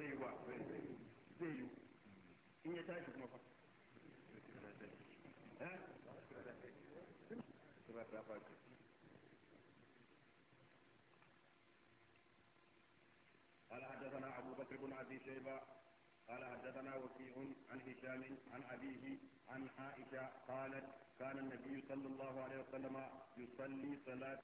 قال حدثنا بكر بن قال حدثنا وكيع عن هشام
عن أبيه عن عائشة قالت كان النبي صلى الله عليه وسلم يصلي صلاة